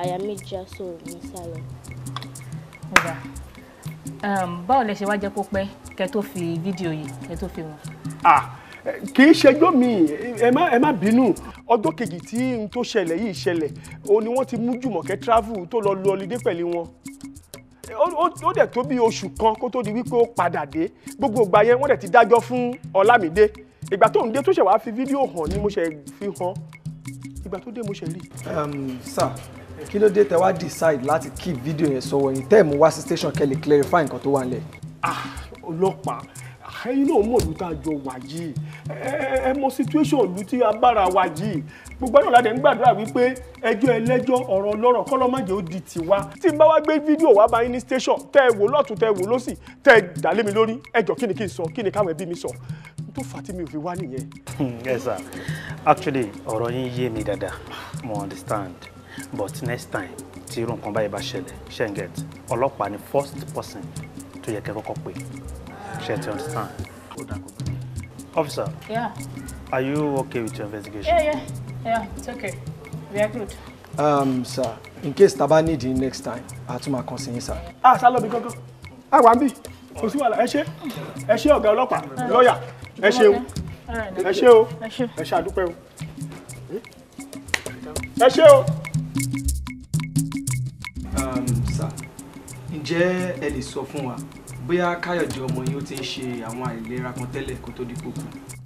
Speaker 4: àyà mi já so mi sálọ. báwo lẹ ṣe wá jẹ́ kó pẹ́ kẹ́ fi fídíò yìí kẹ́ fi wọn.
Speaker 2: ah kì í ṣẹjọ́ mi ẹ má ẹ má bínú ọjọ́ kejì tí n tó ṣẹlẹ̀ yìí ṣẹlẹ̀ o ni wọ́n ti mú Jùmọ̀kẹ́ travel tó lọ lu ọlidé pẹ̀lú wọn ó dẹ̀ tó bí oṣù kan kó tó di wípé ó padà dé gbogbo ìgbà yẹn wọ́n dẹ̀ ti dájọ́ fún Ọlámídé ìgbà tó ń dé tó ṣẹ̀ wá fi fídíò hàn ni mo ṣe fi hàn ìgbà tó dé mo ṣe rí. sir kí ló dé tẹ wá decide láti keep fídíò yẹn sọ́wọ́ yín tẹ́ ẹ̀ mú wá sí station kẹ́ lè clarify nǹkan tó wà nílẹ̀ ọlọ́pàá ẹ̀yin náà mọ̀ ìlú tá a jọ wà yìí ẹ mọ̀ situation ìlú tí a bára wa yìí gbogbo náà ládẹ ń gbàdúrà wípé ẹjọ́ ẹlẹ́jọ́ ọ̀rọ̀ ọlọ́rọ̀ kọ́ lọ́mọdé ó di tiwa tí n bá wá gbé fídíò wá bá ní station tẹ́ ẹ wò lọ́tún tẹ́ ẹ wò lọ́sì tẹ́ ẹ dà lé mi lórí ẹjọ́ kí ni kí n sọ kí ni káwọn ẹbí mi sọ tó fà á tí mi ò fi wá nìyẹn. ẹ hmm, sà actually ọ̀rọ̀ yín yé mi dáadáa mo understand but next time tí irú nǹkan báyìí bá ṣẹlẹ̀ ṣẹ́ńgẹ̀t ọlọ́pàá ni first person To yẹ kẹ́ kọ́kọ́ pè ṣe ti understand. officer yeah. are you okay with your investigation. yeah
Speaker 4: yeah yeah it's okay we are good.
Speaker 2: Um, sir in case taba need you next time a tún máa kàn sí yín sir. a ah, sá lọ Ah, wambi. a wà ń bì kò sí wàhálà ẹ ṣé ẹ ṣé ọ̀gá ọlọ́pàá lọ́ọ̀yà ẹ ṣé o ẹ ṣé o ẹ ṣé àdúpẹ́ o ẹ ṣé o. ǹjẹ́ ẹ lè sọ fún wa bóyá káyọ̀dé ọmọ yìí ó ti ń ṣe àwọn àìlera kan tẹ́lẹ̀ kó tó di kókó.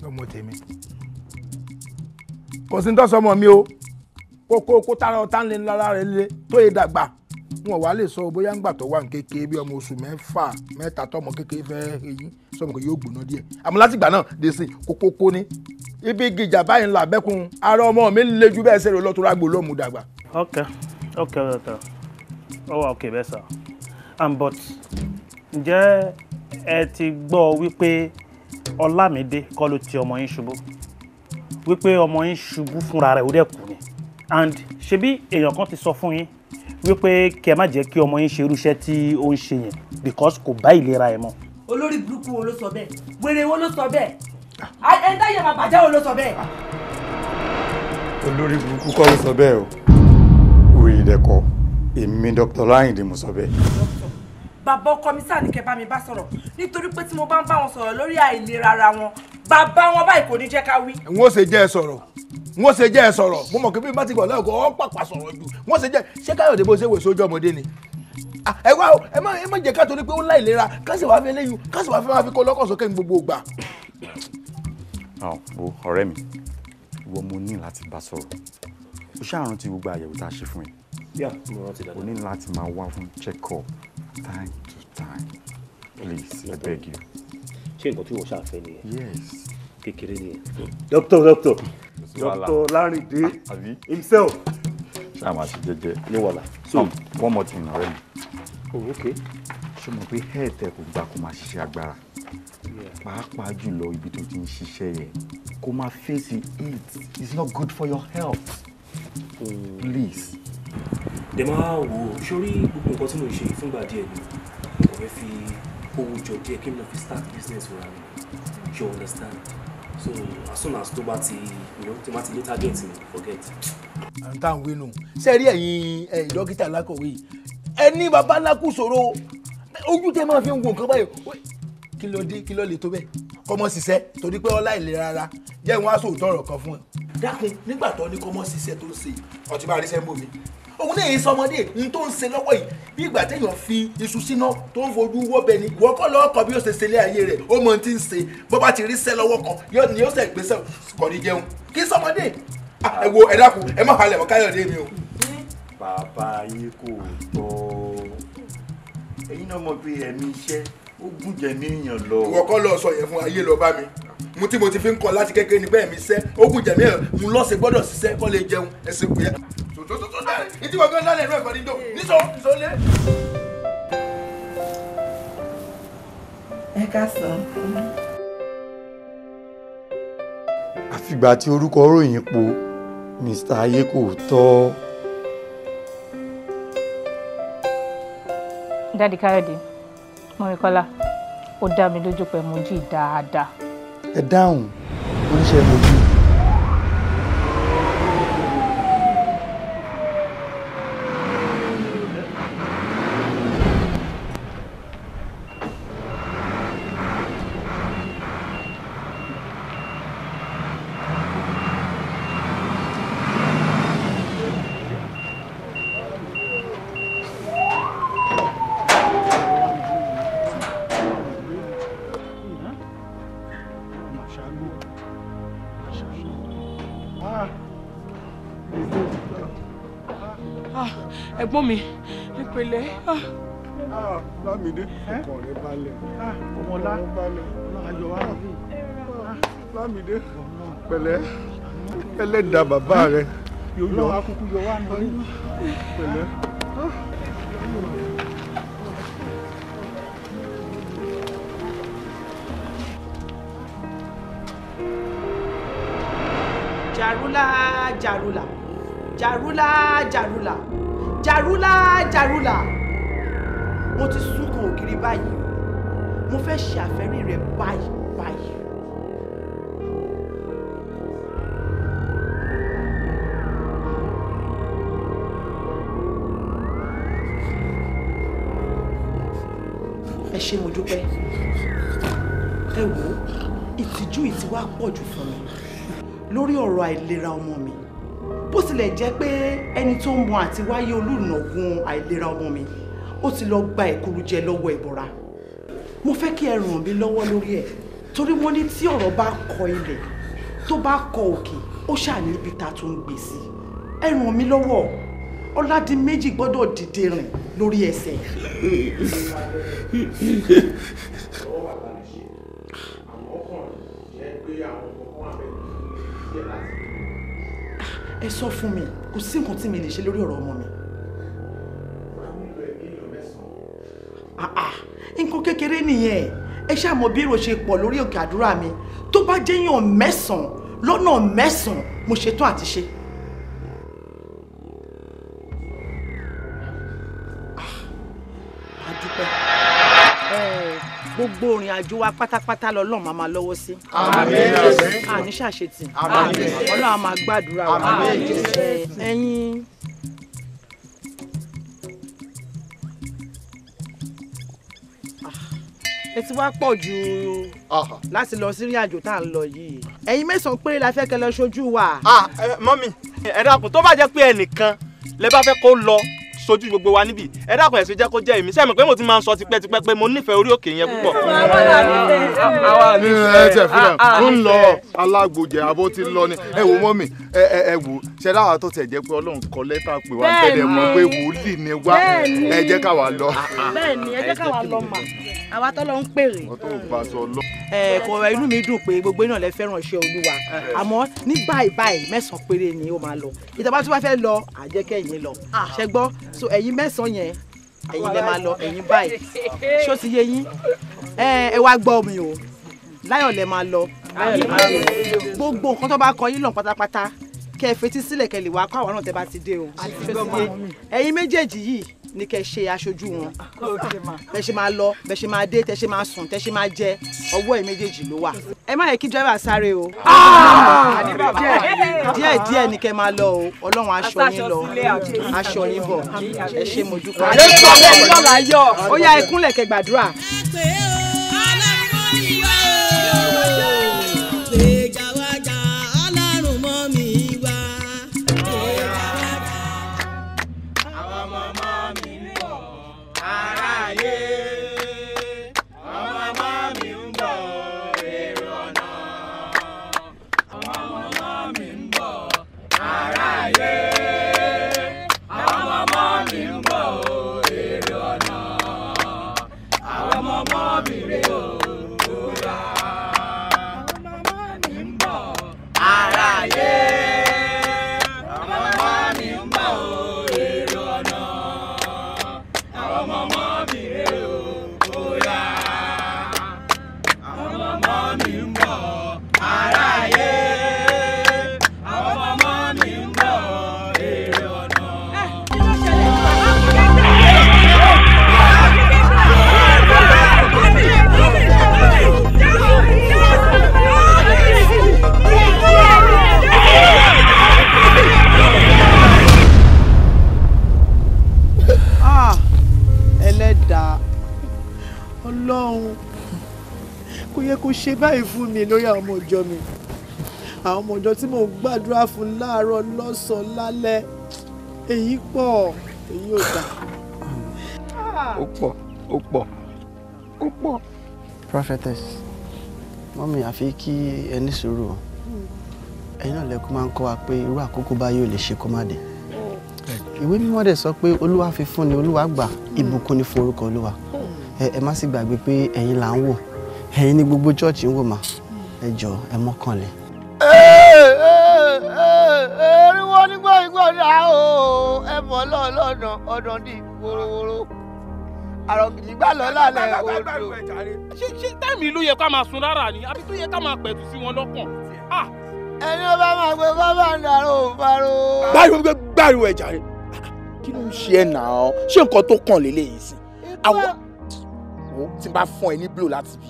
Speaker 2: ọmọ tèmi kò sí ń tọ́sọ ọmọ mi o kókó kó tára ọ̀tá ń lé lára rẹ̀ lé tó yẹ dàgbà wọn wàá lè sọ bóyá ń gbà tó wà ní kékeré bí ọmọ oṣù mẹ́fà mẹ́ta tọmọ kékeré fẹ́ eyín sọmọ kò yóò gbóná díẹ̀ àmọ́ láti ìgbà náà dé sí kókó kó ní ibi gíjà báyìí ń là bẹ́kun ara ọmọ mi lè ju bẹ́ẹ̀ sẹ́rẹ̀ lọ́tọ́ rágbó lọ́mú dàgbà. okay okay doctor ó wà sọ and but ǹjẹ́ ẹ ti gbọ́ wípé Ọlámídé kọ́ ló ti ọmọ yín ṣubú wípé ọmọ yín ṣubú fúnra rẹ̀ ó dẹ̀ ni and ṣebí èèyàn kan ti sọ fún yín wípé kí ẹ má jẹ́ kí ọmọ yín ṣe irúṣẹ́ tí ó ń ṣe yẹn because kò bá ìlera ẹ̀ mọ́. olórí burúkú wo ló sọ bẹ́ẹ̀ wèrè wo ló sọ bẹ́ẹ̀ ẹ̀ńdáyà máa bàjẹ́ wo ló sọ bẹ́ẹ̀. olórí burúkú kọ́ ló sọ bẹ́ẹ̀ o òye èmi Dr. Láyìndé mo sọ bẹ́ẹ̀
Speaker 4: bàbá ọkọ mi sáà ní kẹ́ bá mi bá sọ̀rọ̀ nítorí pé tí mo bá ń bá wọn sọ̀rọ̀ lórí àìlera ara wọn bàbá wọn báyìí kò ní jẹ́ ká wí.
Speaker 2: n ó ṣe jẹ́ ẹ sọ̀rọ̀ n ó ṣe jẹ́ ẹ sọ̀rọ̀ mo mọ̀ pé bí n bá ti gbọ̀ lẹ́kọ̀ọ́ ọ́ pàpà sọ̀rọ̀ jù n ó ṣe jẹ́ ṣé káyọ̀dé bó ṣe wò sójú ọmọdé ni ẹ wá o ẹ má ẹ má jẹ ká torí pé ó láìlera ká sì wá fi eléyìí ká sì wá fi máa fi kó lọ́kàn sókè ní gbogbo ìgbà. ọ ọ̀rẹ́ mi ìwọ mo ní láti bá sọ̀rọ̀ o ṣáà rántí gbogbo àyẹ̀wò tá a ṣe fún yìí Yeah. We need máa wá fún check up time to time please i beg you. ṣé nǹkan tí wọ́n ṣàfẹ́ nìyẹn. yes. kékeré nìyẹn. doctor doctor doctor Larinde ah, himself. ṣáà máa ṣe jẹ́jẹ́. ní wàhálà. so one more thing ọ̀rẹ́ oh okay. ṣé mo pé health ẹ kò gbà kó máa ṣiṣẹ́ agbára pàápàá jùlọ ibi tó ti ń ṣiṣẹ́ yẹn kó máa fèsì it is not good for your health. Hmm. please dẹ̀ máa wò ó sórí gbogbo nǹkan tí mo ṣe fúngbà díẹ̀ ni mo fẹ́ fi owó jọ díẹ̀ kí n lọ fi start business fúnra mi you understand so as soon as tó bá ti tó bá ti ní target ni forget. àrùn táwọn wí nù ṣe rí ẹ̀yin dókítà lákọ̀wé ẹni bàbá lákùsòro ojú tẹ máa fi ń wo nǹkan báyìí kí ló dé kí ló lè tó bẹ́ẹ̀ kọ́mọ ṣiṣẹ́ torí pé ọlá ìlera ara jẹ́ ìwọ́n aṣọ òótọ́ ọ̀rọ̀ kan fún ẹ. dákun nígbà tó ní kọ́mọ ṣiṣẹ́ tó ń ṣe ọtí bá rí sẹ́ńbù mi òun náà yìí sọmọdé ní tó ń ṣe lọ́wọ́ yìí bí ìgbà téèyàn fi iṣu síná tó ń fojú wọ́bẹ ni ìwọ kọ́ lọ́wọ́ kan bí ó ṣe ṣe lé ayé rẹ̀ ó mọ ti ń ṣe bó bá ti rí sẹ́ lọ́wọ́ kan yóò ní yóò ṣe ìgbésẹ̀ kọ̀ ní jẹun kí sọmọdé ah, ẹ wo ẹ dákun ẹ má halẹ̀ mọ́ káyọ̀dé mi o. bàbá yín kò tọ́ ẹ̀yin náà mọ̀ pé ẹ̀mí iṣẹ́ ó gùn jẹ níyàn lọ. ìwọ kọ́ lọ sọ yẹn fún ayé lọ bá mi mo tí mo ti fi ń kọ láti kékeré ni mi sẹ́ ó gùn jẹ níyàn mo lọ́sẹ̀ gbọ́dọ̀ ṣiṣẹ́ kọ́ lè jẹun ẹsẹ̀ kúyà. àfìgbà tí orúkọ ròyìn po Mr ayé kò tọ́.
Speaker 4: Daddy Káyọ̀dé. Mọ̀rìnkọ́lá ó dá mi lójú pé mo jí dáadáa.
Speaker 2: ẹ dáhùn oníṣẹ́ mojú ṣàgbó ṣàṣọ. Ah, ah, ẹ̀gbọ́n mi ẹ pẹ̀lẹ́. Lámìdé ah. ọkàn rẹ balẹ̀ ọmọlá ayọ̀ wa Lámìdé pẹ̀lẹ́ ẹlẹ́dàá bàbá rẹ yóò yọ pẹ̀lẹ́.
Speaker 4: Jarula, jarula, jarula, jarula, jarula. jàrúlà
Speaker 2: mo ti sunkún ògiri báyìí mo fẹ́ ṣe àfẹ́rí rẹ̀ báyìí báyìí.
Speaker 4: ẹ ṣé mo dúpẹ́ ẹ wò ó
Speaker 2: ìtìjú ìtiwá pọ̀ jù fún mi lórí ọ̀rọ̀ àìlera ọmọ mi bó tilẹ̀ jẹ́ pé ẹni tó ń mọ àti wáyé olùnàgún àìlera ọmọ mi ó ti lọ gba ìkúrú jẹ lọ́wọ́ ìbọra mo fẹ́ kí ẹ ràn mí lọ́wọ́ lórí ẹ̀ torí wọ́n ní tí ọ̀rọ̀ bá kọ ilẹ̀ tó bá kọ òkè ó ṣàní ibi ta tó ń gbé sí ẹ ràn mí lọ́wọ́ Ọládìméjì gbọ́dọ̀ dìde rìn lórí ẹsẹ̀. <laughs> ẹ sọ fún mi kò sí nǹkan tí mi lè ṣe lórí ọ̀rọ̀ ọmọ mi. Ah, ah, nǹkan kékeré nìyẹn ẹ ṣàmọ bí èrò ṣe pọ̀ lórí òkè àdúrà mi tó bá jẹ́yàn mẹ́sàn-án lọ́nà mẹ́sàn-án mo ṣetán àti ṣe. gbogbo orin àjò wa pátápátá lọ́lọ́run máa máa lọ́wọ́ sí. àmín àní ṣàṣetì àmín ọlọ́run á máa gbàdúrà wa. àmín ẹ̀yin. ẹ ti wá pọ̀ jù láti lọ sí ìrìn àjò tá à ń lọ yìí. ẹ̀yin mẹ́sàn-án péré la fẹ́ kẹ́ lọ ṣojú wa. Ah, mọ́mì ẹ dákun tó bá jẹ́ pé ẹnìkan lẹ bá fẹ́ kó lọ sojú gbogbo wa níbí ẹ dákun ẹ ṣe kó jẹ́ èmi sẹ́mi pé mo ti máa ń sọ tipẹ́tipẹ́ pé mo nífẹ̀ẹ́ orí òkè yẹn púpọ̀. ń lọ alágbòjẹ abó ti lọ ni ẹ wo mọ́mì ẹ wò ṣe dáhà tó tẹ̀ jẹ́ pé ọlọ́run kọ lẹ́tà pé wà tẹ́lẹ̀ mọ́ pé wòlíì ni wá ẹ jẹ́ ká wà lọ. bẹ́ẹ̀ni ẹ jẹ́ ká wà lọ mà
Speaker 4: àwa tọ́lọ ń pèrè.
Speaker 2: ẹ kò rẹ inú mi dùn pé gbogbo iná lẹ fẹ́ràn iṣẹ́ olúwa àmọ́ ní báyìí báyìí mẹ́sàn-án péré ni ó máa lọ ìtàbá tí wọ́n fẹ́ lọ àjẹkẹ́yìn lọ ah. ṣẹgbọ́n so ẹ̀yin mẹ́sàn-án yẹn ẹ̀yin lẹ máa lọ ẹ̀yin báyìí ṣó ti yé yín ẹ wá gbọ́ mi o láyọ̀ lẹ máa lọ láyọ̀ lẹ máa lọ gbogbo nǹkan tó bá kọ yín lọ pátápátá kẹ́ ẹ fetí sílẹ̀ kẹ́ lè wá kó àwọn náà tẹ́ bá ti dé o ṣó méjèèjì yìí ní kẹ́ ṣe aṣojú wọn tẹ́ ṣe máa lọ tẹ́ ṣe máa dé tẹ́ ṣe máa sùn tẹ́ ṣe máa jẹ ọwọ́ ẹ̀ méjèèjì ló wà. ẹ má yẹ kí dírẹ́bà sáré o díẹ̀ díẹ̀ ni kẹ́ máa lọ o ọlọ́run aṣọ yín lọ aṣọ yín bọ̀ ẹ ṣe mojú
Speaker 5: kan. ó yá ẹ
Speaker 4: kúnlẹ̀ gbàdúrà.
Speaker 2: báyìí fún mi lórí àwọn ọmọ mi àwọn ọmọ tí mò ń gbàdúrà fún láàárọ̀ lọ́sàn-án èyí pọ̀ èyí ò dà. ó pọ̀ ó pọ̀ ó pọ̀. prophetess mọ́mí àfi kí ẹ ní sùúrù o ẹ̀yin náà lẹ́kọ́ máa ń kọ́ wa pé irú àkókò báyìí ò lè ṣe kó má dé ìwé mímọ́ dẹ̀ sọ pé olúwa fi fún ni olúwa gbà ìbùkún ni fún orúkọ olúwa ẹ má sì gbàgbé pé ẹ̀yin là ń wò ẹ̀yin ni gbogbo chọ́ọ̀chì ń wò mà ẹ jọ ẹ mọ́kànlẹ̀.
Speaker 3: eriwo nígbà ìgbà dá o ẹ mọ̀ lọ́ọ̀lọ́ọ̀nà ọ̀nà ní wórówóró àrògìdì gbà lọ lálẹ́ odò.
Speaker 2: ṣé ṣé táìmù ìlú yẹ ká máa sun rárá ni àbí tó yẹ ká máa pẹ̀tù sí wọn lọ́kàn.
Speaker 3: ẹni ó bá máa gbé bábà ń darọ òfarò. báyọ̀
Speaker 2: gbé gbàrú ẹ̀ jàre kí ló ń ṣe ẹ̀ náà ṣé nǹkan tó kàn lélẹ́yìí sí. àwọn tí n bá fún ẹ ní blow láti bí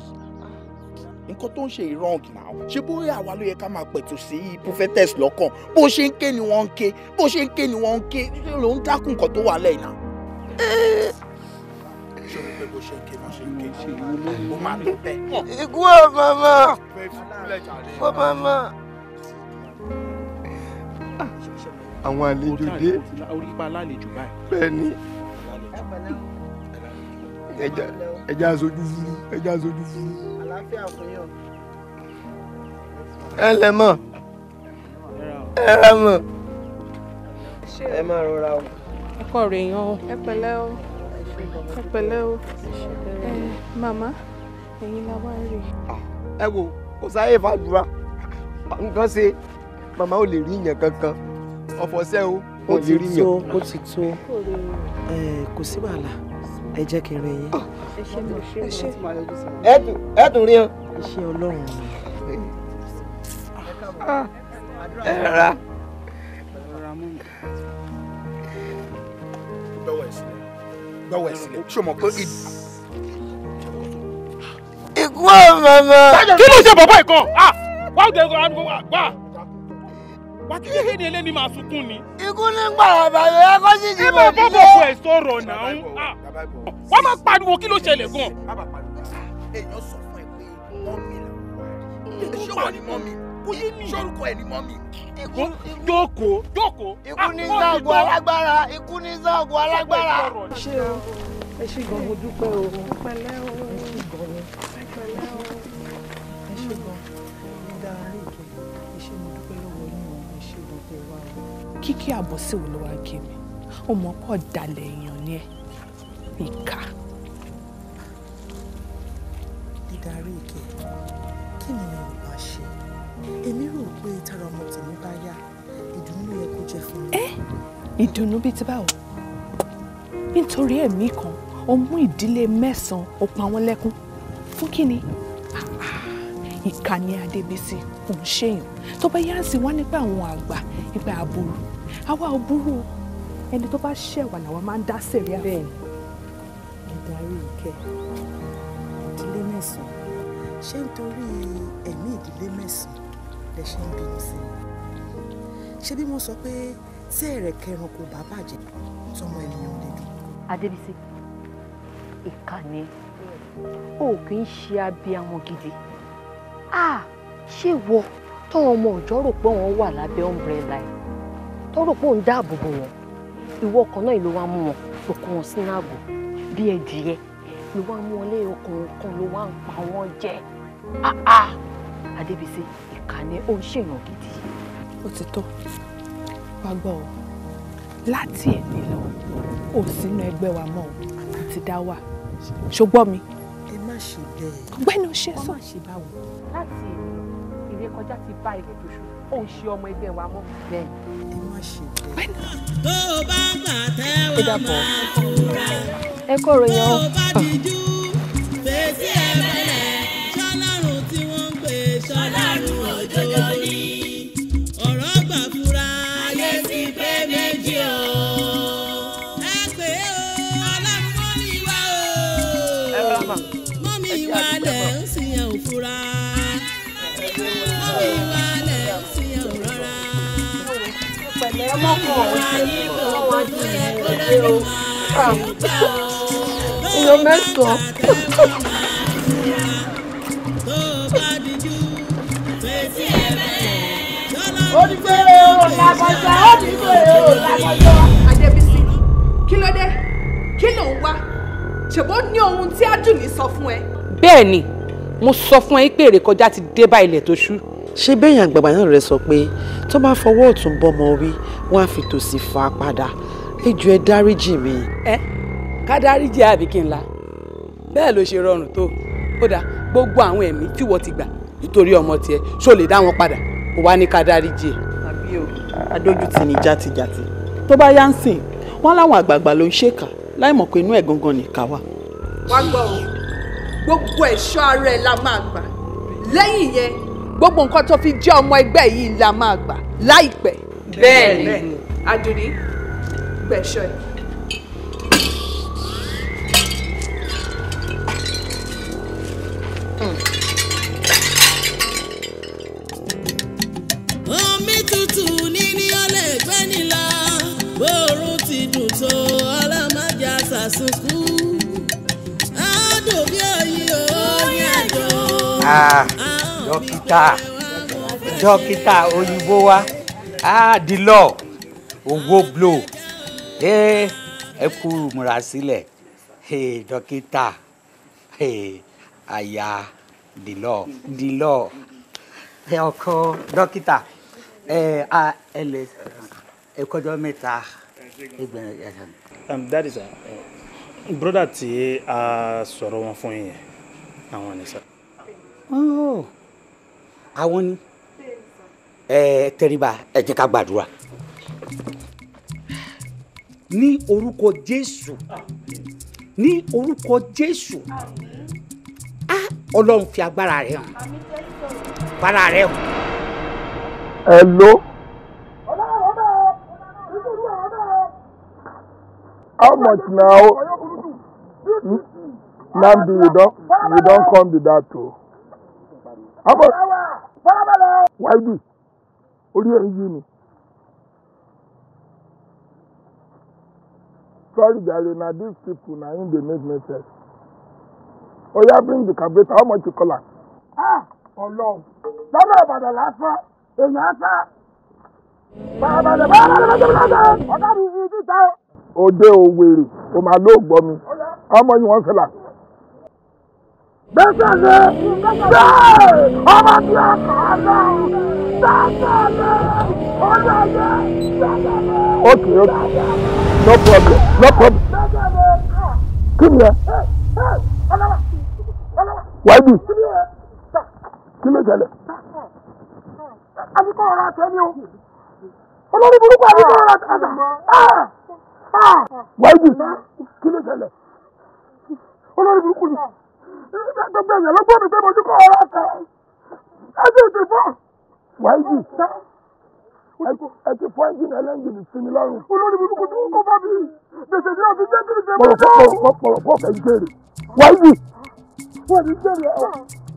Speaker 2: nǹkan tó ń ṣe wrong now ṣe bóyá àwa ló yẹ ká máa pẹ̀tù sí prophetess lọ́kàn bó ṣe ń ké ni wọ́n ń ké bó ṣe ń ké ni wọ́n ń ké ló ń dákun nǹkan tó wà lẹ́yìn náà. ṣé o pé bó ṣe ń ké bó ṣe ń ké ṣe o máa tó bẹ́ẹ̀. ikú ọ màmá ọ màmá. àwọn àlejò dé bẹ́ẹ̀ ni ẹja ẹja sojú fúru ẹja sojú fúru. àlàáfíà fún yàn. ẹ lẹ mọ ẹ rà mọ ẹ máa rọra o. ẹ kọ rè yan o ẹ pẹ̀lẹ́
Speaker 5: o ẹ pẹ̀lẹ́ o ẹ màmá ẹ̀yin la wá rè.
Speaker 2: Ah, ẹ wo kò sáyé fàdúrà nǹkan ṣe màmá ò lè rí yàn kankan ọ̀fọ̀ṣẹ́ o kò lè rí yàn. ó ti tó ó ti tó kò sí wàhálà ẹ jẹ́ kí n rìn yín. Ah, ẹ tún rí o. iṣẹ́ ọlọ́run ni. ẹ rárá. gbọ́wọ́ ẹ̀ sílẹ̀ gbọ́wọ́ ẹ̀ sílẹ̀ ṣé o mọ̀ pé. ikú ọ̀ màmá. kí ló ṣe bàbá ìkan? wàá dẹ̀ ẹ́ gbà wákìlì hẹ́ni ẹlẹ́ni máa sunkún ni. ikú ní gbàràbà yẹn akọ́ sì ti mọ̀ bí lé. ẹ bọ́ bọ́ ẹ sọ̀rọ̀ náà ah. wọ́n máa pariwo kí ló ṣẹlẹ̀ gan. Ah, èèyàn sọ fún ẹ pé mọ́mí la ṣé wọ́n ní mọ́mí sórúkọ ẹ ní mọ́mí. jókòó jókòó. ikú ní sáàgùn alágbára ah, ikú
Speaker 3: ní sáàgùn alágbára.
Speaker 5: ṣé o ẹ ṣe gan mo dúpẹ́ o pẹ̀lẹ́ o.
Speaker 4: kíkí àbòsí wo ló wá gé mi ó mọ̀ pọ̀ dalẹ̀ èèyàn ni ẹ̀ ìka. ìdarí ìkẹ́ kí ni mi ò bá ṣe èmi rò pé tara ọmọ tèmi bá yá ìdùnnú yẹ kó jẹ fún mi. ẹ ìdùnnú bíi ti báwo nítorí ẹ̀mí kan ó mú ìdílé mẹ́sàn-án ó pa wọ́n lẹ́kún fún kí ni ìkànnì adébísí òun ṣèyàn tó bá yá sí wá nípa àwọn àgbà nípa aburú àwa ò burú ẹni tó bá ṣẹ̀wà làwa máa ń dá sẹ̀rí àfọ̀. bẹ́ẹ̀ ni darí ìkẹ́ ìdílé mẹ́sàn-án ṣé nítorí ẹ̀mí ìdílé mẹ́sàn-án lẹ ṣe ń bínú sí i ṣé bí wọ́n sọ pé tí ẹ̀rẹ̀kẹ́ ẹranko bá bàjẹ́ tọmọ ènìyàn lè dùn. adébísí ìkànnì o kì í ṣe abiyamọ gidi ah ṣé wọ tọwọ ọmọ ọjọ́ rò pé wọ́n wà lábẹ́ ọmbrẹ́là ẹ̀ tó rò pé òun dáàbò bò wọ́n ìwọ ọkàn náà ló wá mú wọn tó kó wọn sínú àgò bí ẹdìyẹ ló wá mú wọn lẹ́yìn ọkùnrin kan ló wá ń pa wọ́n jẹ Adébísí ìkànnì ó ń ṣèyàn gidi. ó ti tó wá gbọ́ ọ láti ẹ̀mí lọ ò sínú ẹgbẹ́ wa mọ́ ò ti dá wà ṣùgbọ́n mi. ẹ má ṣe bẹ́ẹ̀. ọgbẹ́ni ó ṣe sọ. ọ má láti ìrẹ́kọjá ti bá ilé tó ṣòro ò ń ṣe ọmọ ẹgbẹ́ wa mọ́. bẹ́ẹ̀ ẹ má ṣe bẹ́ẹ̀. tó o bá gbà tẹ́wọ́ máa fura. ẹ kọ́ ròyìn
Speaker 3: o.
Speaker 1: Ìyọ̀ mẹ́sàn-án. Onígbèrè o, làbọ̀jà, onígbèrè o, làbọ̀jà.
Speaker 4: Adébísí, kí ló dé? Kí ló ń wá? Ṣèbó ní ohun tí Ájùní sọ fún ẹ.
Speaker 2: Bẹ́ẹ̀ni, mo sọ fún ẹ pé èrè kọjá ti dé bá ilẹ̀ tó ṣú ṣé bẹ́yìn àgbààgbà náà rẹ sọ pé tó bá fọwọ́ ọ̀tún bọ́mọ wí wọ́n á fi tòsì fà á padà ẹjọ́ ẹ dáríjì mi. ẹ ká dáríjì àbí kí n la bẹ́ẹ̀ ló ṣe rọrùn tó ó dáa gbogbo àwọn ẹ̀mí tí wọ́n ti gbà nítorí ọmọ tiẹ̀ ṣó lè dá wọn padà ó wá ní ká dáríjì ẹ̀. àbí o adójútì ni játijàti tó bá yá ń sìn wọn láwọn àgbààgbà ló ń ṣèkà láì mọ̀ pé inú ẹ̀ gangan nìka wà.
Speaker 4: wá gbọ́ gbogbo ẹ̀ṣọ́ ara ẹ̀ la máa gbà lẹ́yìn yẹn gbogbo nǹkan tó fi jẹ́ ọmọ ẹgbẹ́ yìí la máa gbà láìpẹ́. bẹ́ẹ̀ni adùnní gbẹ̀ṣọ́ ẹ̀.
Speaker 3: omi tútù
Speaker 2: dókítà dókítà òyìnbó wa ah the law owó blow ẹ ẹ kú múra sílẹ̀ dókítà àyà the law the law ọkọ dókítà ẹ ẹ lè ẹ kọjọ mẹ́ta ẹgbẹ̀rún ẹ̀sán. Um, that is a uh, broda tí a sọ̀rọ̀ wọn fún yẹn àwọn ni sir. Oh àwọn ni ẹ tẹríba ẹ jẹ́ ká gbàdúrà ní orúkọ Jésù ní orúkọ
Speaker 4: Jésù á Ọlọ́run fi agbára rẹ̀ hàn agbára rẹ̀ hàn.
Speaker 1: ẹ ló. how much now hmm? Nnamdi you don you don come be that o. Oh. how much. farabalẹ̀ wáìdì orí ẹ̀ ń sorry jare na these people na him dey make me oya oh, bring the carburetor how much you call am. ah ọlọ́run lọ́dọ̀ ìbàdàn lásán èèyàn á sá. bàbàdàn bàbàdàn bàbàdàn ọ̀gá mi fi ti ta. òde òwèrè o máa lóògbọ́ mi ọmọ yìí wọ́n gbèsè lé gbé ọmọ tí a kà á lọ gbèsè lé ọjọ́ yẹ gbèsè lé. okay okay no problem no problem. kí ni ẹ. wàá bì kí ló jẹlẹ. àbíkọ́ ọ̀rọ̀ àtẹ ni o olórí burúkú àbíkọ́ ọ̀rọ̀ àtẹ ni o. wàá bì kí ló jẹlẹ. olórí burúkú ni gbogbo ẹ̀yàn ló gbọ́dọ̀ pé mojú kọ́ ọ̀rọ̀ ọ̀tẹ̀ ẹ̀jẹ̀ ti fọ́. wàá jì ẹ ti fọ́ ẹ́ńjìnì ẹlẹ́ńjìnì sí mi lọ́rùn. olórí mi kò tún kó bá mi gbèsè ní ọdún jẹ́ kíni jẹ́ mọ́tò. pọ̀lọ̀pọ̀ fẹ́ jèrè wàá jì. wọ́n ti jèrè ẹ̀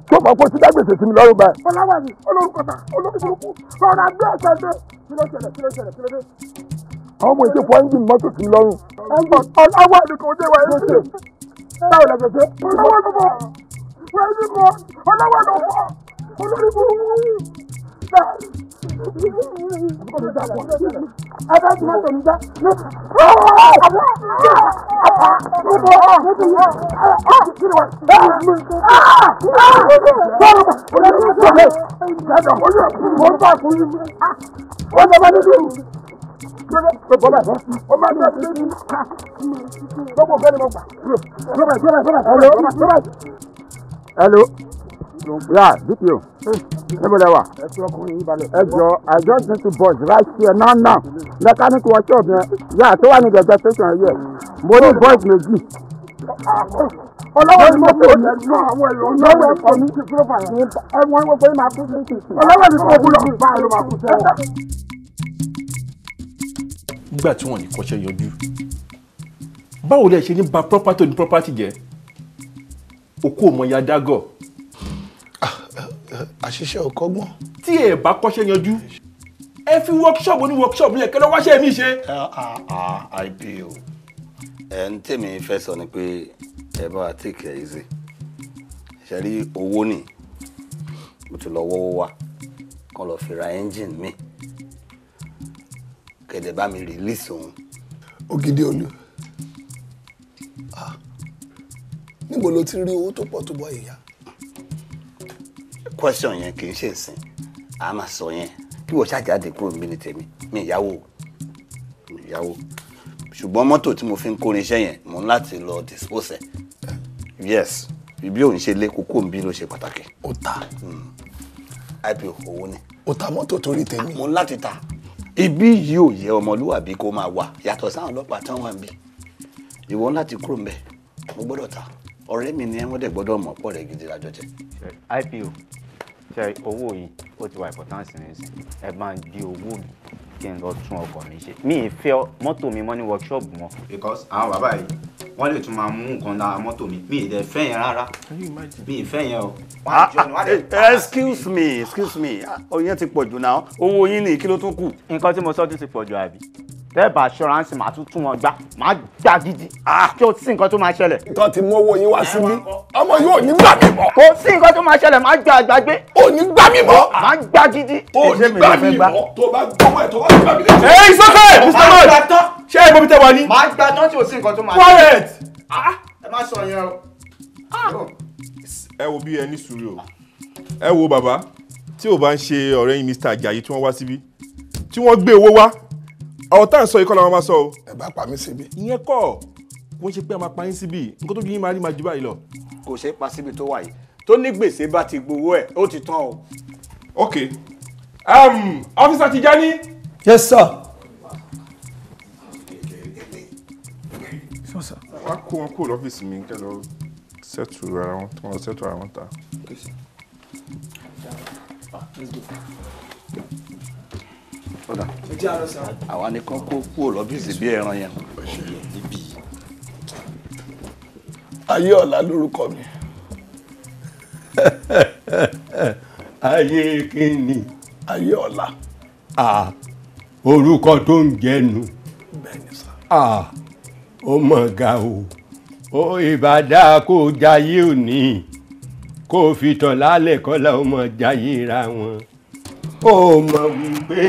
Speaker 1: tó mọ̀ kó ti dá gbèsè sí mi lọ́rùn báyìí. ọlọ́wà ni olórúkọ ta olórí burúkú lọ́ra bí ẹ̀sẹ̀ dé kí ló ṣẹlẹ̀ kí ló ṣẹlẹ̀ kí ló dé. àwọn ọmọ ìṣèpọ̀ ẹ́ńjìnì mọ́tò sí mi lọ́rùn. ọlọ́wà ni kò dé wa ẹ̀ báwo hello yeah bpo you? lẹ wà ẹ i just need to buzz right here now now mechanic workshop yẹn yà tó wà ní gẹ̀gẹ̀ station yẹ mo ní bus méjì ọlọ́wọ́ ni mo fò ní àwọn èèyàn ní ọwọ́ ẹ̀kọ́ ní ti fúlọ́fà yẹn ẹ̀wọ̀n wọ́pẹ́ máa kú sí ọlọ́wọ́ ni mo fò ní ọ̀pá ló máa kú
Speaker 2: nígbà tí wọ́n ní kọ́ṣẹ́ yọjú báwo lẹ ṣe ní ba property ní property jẹ́ okó ọmọ ya dágọ̀. Ah, eh, eh, àṣìṣe ò kọ́gbọ́n. tí ẹ bá kọ́ṣẹ́ yanjú ẹ fi workshop ní workshop yẹn kẹlẹ́ wáṣẹ́ mi ṣe. ipo ẹ ń tèmi fẹ́ sọ ni pé ẹ bá wa take care easy ṣe rí owó ni mo ti lọ wọ́wọ́ wa kàn lọ́ọ́ fi engine mi kẹ̀dẹ̀ bá mi release òun. ògidì olú ah. níbo ló ti rí owó tó pọ̀ tó bọ́ ìyá. question yẹn kì í ṣe ìsìn a máa sọ yẹn kí wọ́n ṣàjáde kúrò níbi ní tèmi mi ìyàwó mi ìyàwó ṣùgbọ́n mọ́tò tí mo fi ń kórin iṣẹ́ yẹn mo ń láti lọ dispose ẹ̀ yes ibi òun ṣe lé kókó ń bí ló ṣe pàtàkì. ó ta hmm. ipo owó ni. ó ta mọ́tò torí tèmi. mo ń láti ta ibi yìí ò yẹ ọmọlúwàbí kó máa wà yàtọ̀ sáwọn ọlọ́pàá tán wà ń bí ìwọ ńlá ti kúrò ńbẹ mo gbọ́dọ̀ ta ọ̀rẹ́ mi ni wọ́n dẹ̀ gbọ́dọ̀ mọ̀ pọ̀ rẹ̀ gidi lájọ tẹ. ipo ṣe owó yìí ó ti wà ìpọ̀tánsì nísìn ẹ máa di owó mi kí n lọ tún ọkọ̀ mi ṣe mi ì fẹ́ mọ́tò mi mọ́ ní wọ́ọ̀ṣọ́ọ̀bù mọ́. because àwọn bàbá yìí wọ́n lè tún máa mú nǹkan lára mọ́tò mi mi ì dẹ̀ fẹ́ yẹn rárá mi ì fẹ́ yẹn o. Ah, eh, excuse me excuse me ah, oyin ti pọ̀ jù náà owó yín ni kí ló tún kù. nǹkan tí mo sọ ti pọ̀ jù àbí tẹ́ bá assurance màá tún tún wọn gbá màá gbà gidi ah, kí o sí nǹkan tó máa ṣẹlẹ̀. nǹkan ti mú owó yín wá síbí ọmọ yóò ní gbà mí mọ́. kò sí nǹkan tó máa ṣẹlẹ̀ màá gbà àgbàgbé. ò ní gbà mí mọ́. Ah, màá gbà gidi. ò ní gbà mí mọ́ tó bá gbọ́wọ́ ẹ̀ tó bá gbà mí lẹ́sẹ̀. ẹ ìsọfẹ mr lord ṣé ẹ bọ́ mi tẹ wá ní. màá gbà tán o sí nǹkan tó máa ṣẹlẹ̀. Ah, ẹ wo bí ẹni sùúrù o ẹ wo bàbá tí ò bá ń ṣe ọ̀rẹ́ yín mr ajayi tí wọ́n wá síbí tí wọ́n gbé owó wá ọ̀rọ̀ tá à ń sọ yìí kọ́ làwọn máa sọ o. ẹ bá pa mí síbi. ìyẹn kọ́ kò ṣe pé a máa pa yín síbi nǹkan tó ju yín máa rí máa ju báyìí lọ. kò ṣeé pa síbi tó wà yìí tó ní gbèsè bá ti gbowó ẹ̀ ó ti tán o. ok um, officer Tijani. yes sir. wọ́n kó wọn kúrò lọ́fíìsì mi kẹ́ lọ sẹ́tù ara wọn tó wọn sẹ́tù ara wọn ta ọ̀dà àwa nìkan kó kúrò lọ́bìsì bí ẹran yẹn. ayé ọ̀la lórúkọ mi <laughs> ayé kínní ayé ọ̀la. orúkọ tó ń jẹnu ó mọ̀ ga o ó ìbàdà kó jayé òní kó fi tọ̀ lálẹ́ kọ́lá ó mọ̀ jayé ra wọn ó mọ̀ wípé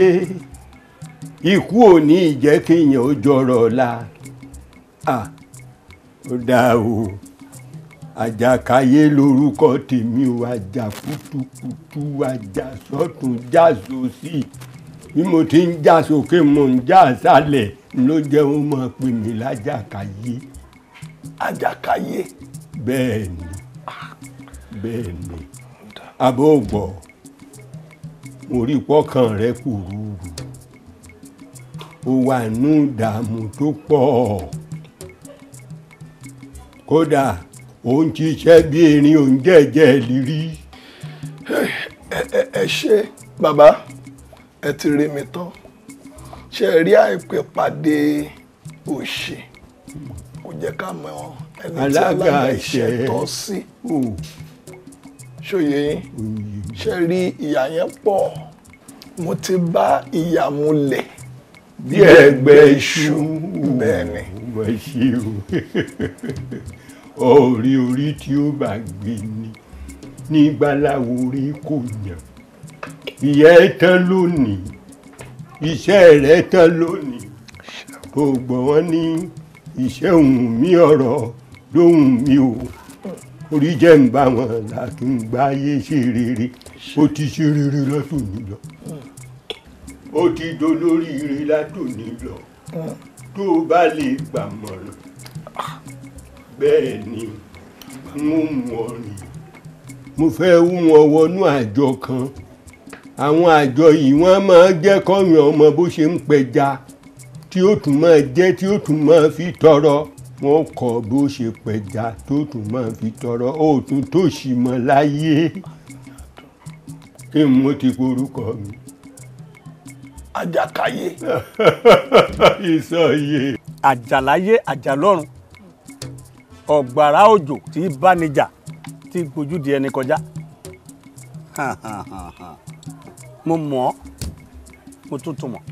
Speaker 2: ikú ò ní ìjẹ́ kéèyàn ó jọrọ̀ ọ̀la ó dáa o àjàkáyé lórúkọ tèmi o àjà kùtùkùtù àjà sọ́tún já sósì bí mo ti ń já sókè mo ń já sálẹ̀ ló jẹ́ ó máa pè mí lájàkáyé. àjàkáyé. bẹ́ẹ̀ ni bẹ́ẹ̀ ni abọ́ ògbọ́ mo pọ́kàn rẹ kúrúurú ó wà nù dààmú tó pọ̀ kódà ó ń ṣiṣẹ́ bí erin ò ń jẹ́jẹ́ lírí. ẹ ṣe bàbá ẹ ti rí mi tán ṣe rí àìpé pàdé òṣì kò jẹ́ ká mọ ẹni tí alága ìṣẹ́ tọ́ sí ṣòye ṣe rí ìyà yẹn pọ̀ mo ti bá ìyà lẹ̀ bí ẹgbẹ́ iṣu bẹ́ẹ̀ni. wọ́n ṣe o ọ̀rẹ́ orí tí ó bá gbé ni ní gbaláwo orí kò yàn ìyá ẹ tán lónìí iṣẹ́ rẹ tán lónìí kò gbọ́ wọ́n ní iṣẹ́ òun mi ọ̀rọ̀ lóhùn mi o orí jẹ́ ń bá wọn là ṣe rere ó ti ṣe rere
Speaker 1: lọ́tún mi lọ
Speaker 2: ó ti dolóríire látòní lọ hmm. tó o bá lè gbàmọ̀ràn bẹ́ẹ̀ ni n ó mú ọ rìn mo fẹ́ wú wọn wọnú àjọ kan àwọn àjọ yìí wọ́n máa jẹ́ kọ́yàn ọmọ bó ṣe ń pẹja tí ó tún máa jẹ́ tí ó tún máa fi tọrọ wọ́n kọ́ bó ṣe pẹja tó tún máa fi tọrọ ó tó ṣì mọ́ láyé kí n mú ti
Speaker 1: porúkọ mi
Speaker 2: àjàkáyé. <laughs> ìsọyè. àjàláyé àjàlọ́run ọ̀gbàrá òjò tí bánijà tí gbójúdi ẹni kọjá
Speaker 1: <laughs>
Speaker 2: mo mọ̀ ọ́ mo tún tún mọ̀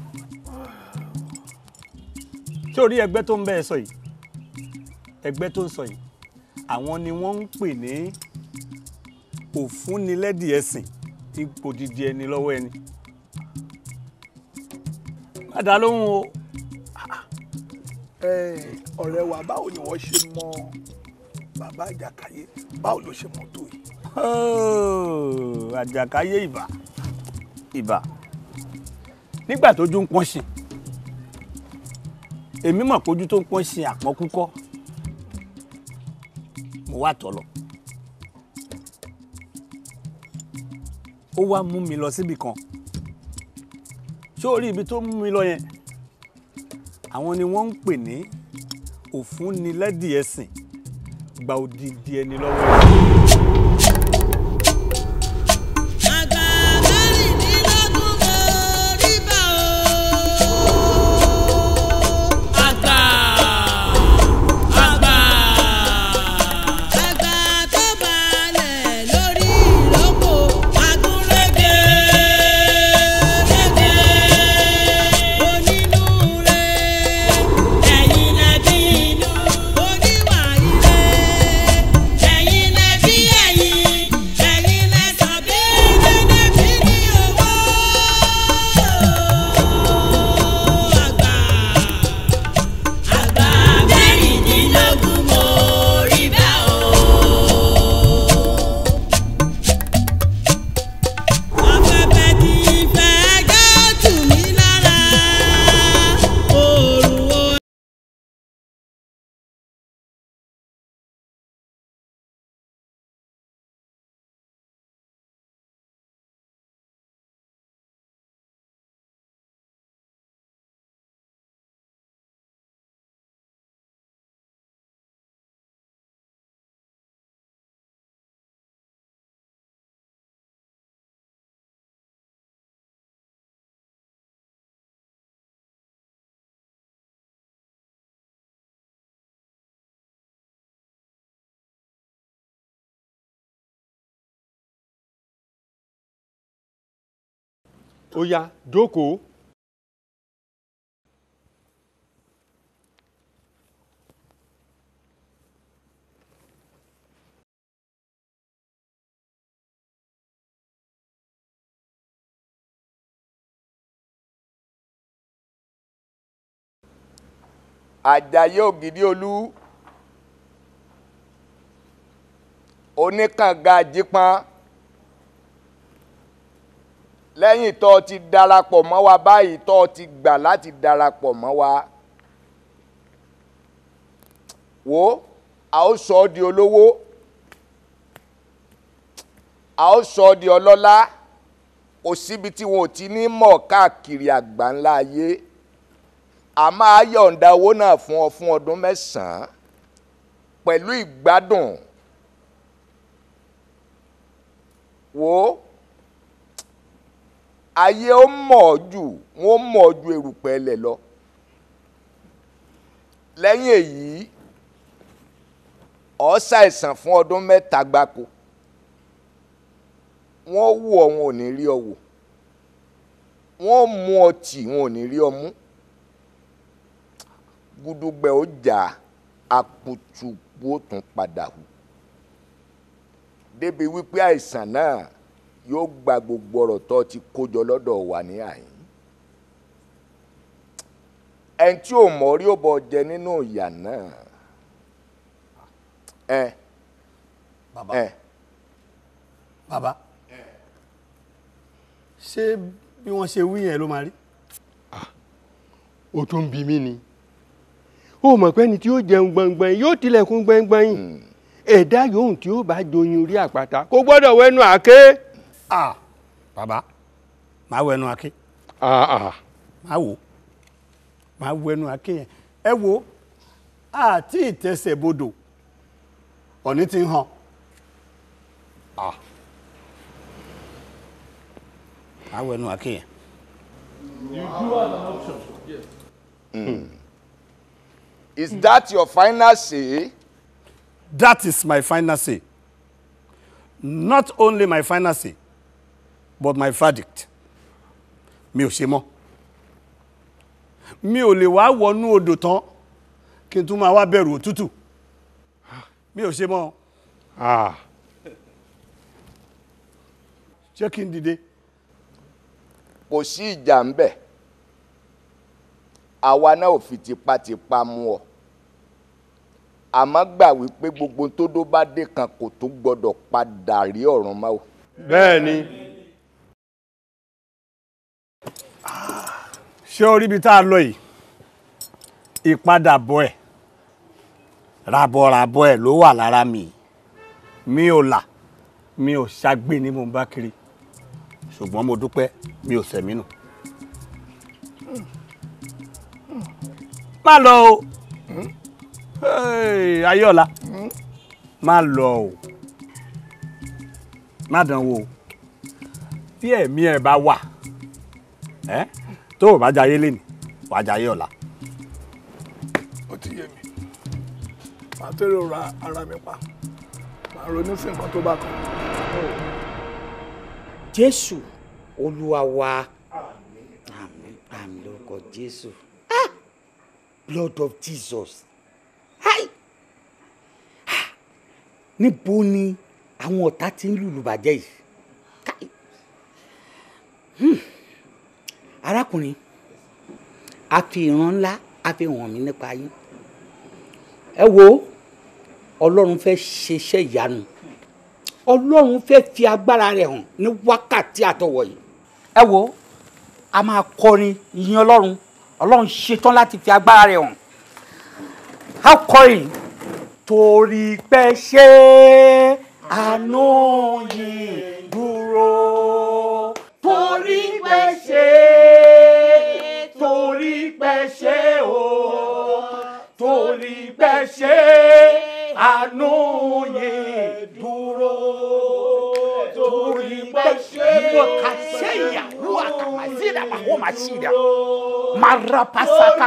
Speaker 2: ṣé o rí ẹgbẹ́ tó ń bẹ́ẹ̀ sọ yìí ẹgbẹ́ tó ń sọ yìí àwọn ni wọ́n ń pè ní òfúnnilẹ́dìẹ̀sìn tí gbòdìdì ẹni lọ́wọ́ ẹni padà lóhùn o. ọ̀rẹ́ wa báwo ni wọ́n ṣe mọ bàbá àjàkáyé báwo ló ṣe mọ tó yìí. Oh, àjàkáyé ìbà ìbà nígbà tójú ń pọ́n sí èmi mọ̀ pójú tó ń pọ́n sí àpọ́nkúkọ́ mo wá tọ̀ ó wá mú mi lọ síbi kan sórí ibi tó mú mi lọ yẹn àwọn ni wọ́n ń pè ní òfúnnilẹ́dìẹ̀sìn gba odidi ẹni lọ́wọ́.
Speaker 1: ó yá jókòó. àjàyè ògìdìolú
Speaker 2: oníkànga jípọn lẹ́yìn tó ti darapọ̀ mọ́ wa báyìí tó ti gbà láti darapọ̀ mọ́ wa wo a ó sọ ọ́ di olówó a ó sọ ọ́ di ọlọ́lá kò síbi tí wọn ò ti ní mọ̀ káàkiri àgbáńlá ayé a máa yọ̀ǹda owó náà fún ọ fún ọdún mẹ́sàn-án pẹ̀lú ìgbádùn wo ayé ó mọ̀ ọ́ jù wọ́n ó mọ̀ ọ́ ju erùpẹ̀ ẹlẹ̀ lọ lẹ́yìn èyí ó ṣàìsàn fún ọdún mẹ́ta gbáko wọ́n wù ọ́ wọn ò ní rí ọ wò wọ́n mú ọ tì wọn ò ní rí ọ mú gudugbẹ ó jà akutuku ó tún padà hù débi wípé àìsàn náà yóò gba gbogbo ọ̀rọ̀ tó ti kójọ lọ́dọ̀ wa ní àyín ẹn tí ò mọ̀ rí ó bọ̀ jẹ nínú ìyà náà ẹ bàbá ẹ bàbá ṣé bí wọ́n ṣe wí yẹn ló máa rí. Ah, ó tún bí mi ni ó mọ̀ pé ẹni tí yóò jẹun gbọ̀ngbọ̀n yóò tilẹ̀kùn gbọ̀ngbọ̀n yìí hmm. ẹ̀dá yòówù tí ó bá joyin orí àpáta kò gbọ́dọ̀ wẹnu àáké ah bàbá máa wọ ẹnu aké máa wò máa wọ ẹnu aké yẹn ẹ wo àti ìtẹsẹ̀ bodò ọ̀ní ti ń hàn máa wọ ẹnu aké yẹn. You do have an option. Yes. Mm. Is that your final say? That is my final say. Not only my final say, but my verdict mi ò ṣe mọ́ mi ò lè wá wọnú odò tán kí n tún máa wá bẹ̀rù òtútù mi ò ṣe mọ́ ah. ṣé kí n dìde. kò sí ìjà ń bẹ̀ àwa náà ò fi tipátipá mú ọ àmọ́ gbà wípé gbogbo tó dó bá dé kan kò tó gbọ́dọ̀ padà rí ọ̀run mọ́ bẹ́ẹ̀ ni. Bẹ́ẹ̀ ṣé orí ibi tá a lọ yìí ìpadàbọ̀ ẹ̀ rabọ̀rabọ̀ ẹ̀ ló wà lára mi mi ò là mi ò ṣàgbé ni mo ń bá kiri ṣùgbọ́n mo dúpẹ́ mi ò sẹ̀mí nù. má lọ o ayọ̀lá má lọ o má dánwò o bí ẹ̀mí ẹ̀ bá wà Eh? tó o bá jayé lé ní wàá jayé ọ̀la. ó ti yé mi màá tẹ́lẹ̀ ra ara mi pa màá ronú sí nǹkan tó bá kàn. jésù olúwa wa àmín àmín lórúkọ jésù blood of jesus níbo ni àwọn ọ̀tá ti ń lùlù bàjẹ́ yìí. Hmm arákùnrin a fi ìran ńlá a fi hàn mí nípa yín ẹ wo ọlọ́run fẹ́ ṣiṣẹ́ ìyanu ọlọ́run fẹ́ fi agbára rẹ̀ hàn ní wákàtí àtọwọ̀ yìí ẹ wo a máa kọrin ìyìn ọlọ́run ọlọ́run ṣetán láti fi agbára rẹ̀ hàn a kọrin torí pé ṣé àánú yìí dúró torí
Speaker 3: pé ṣe torí pé ṣe o
Speaker 2: torí pé ṣe àánú yẹn dúró torí pé ṣe mọ̀kàṣẹ́yà lúwa kàmásíra
Speaker 4: àwọn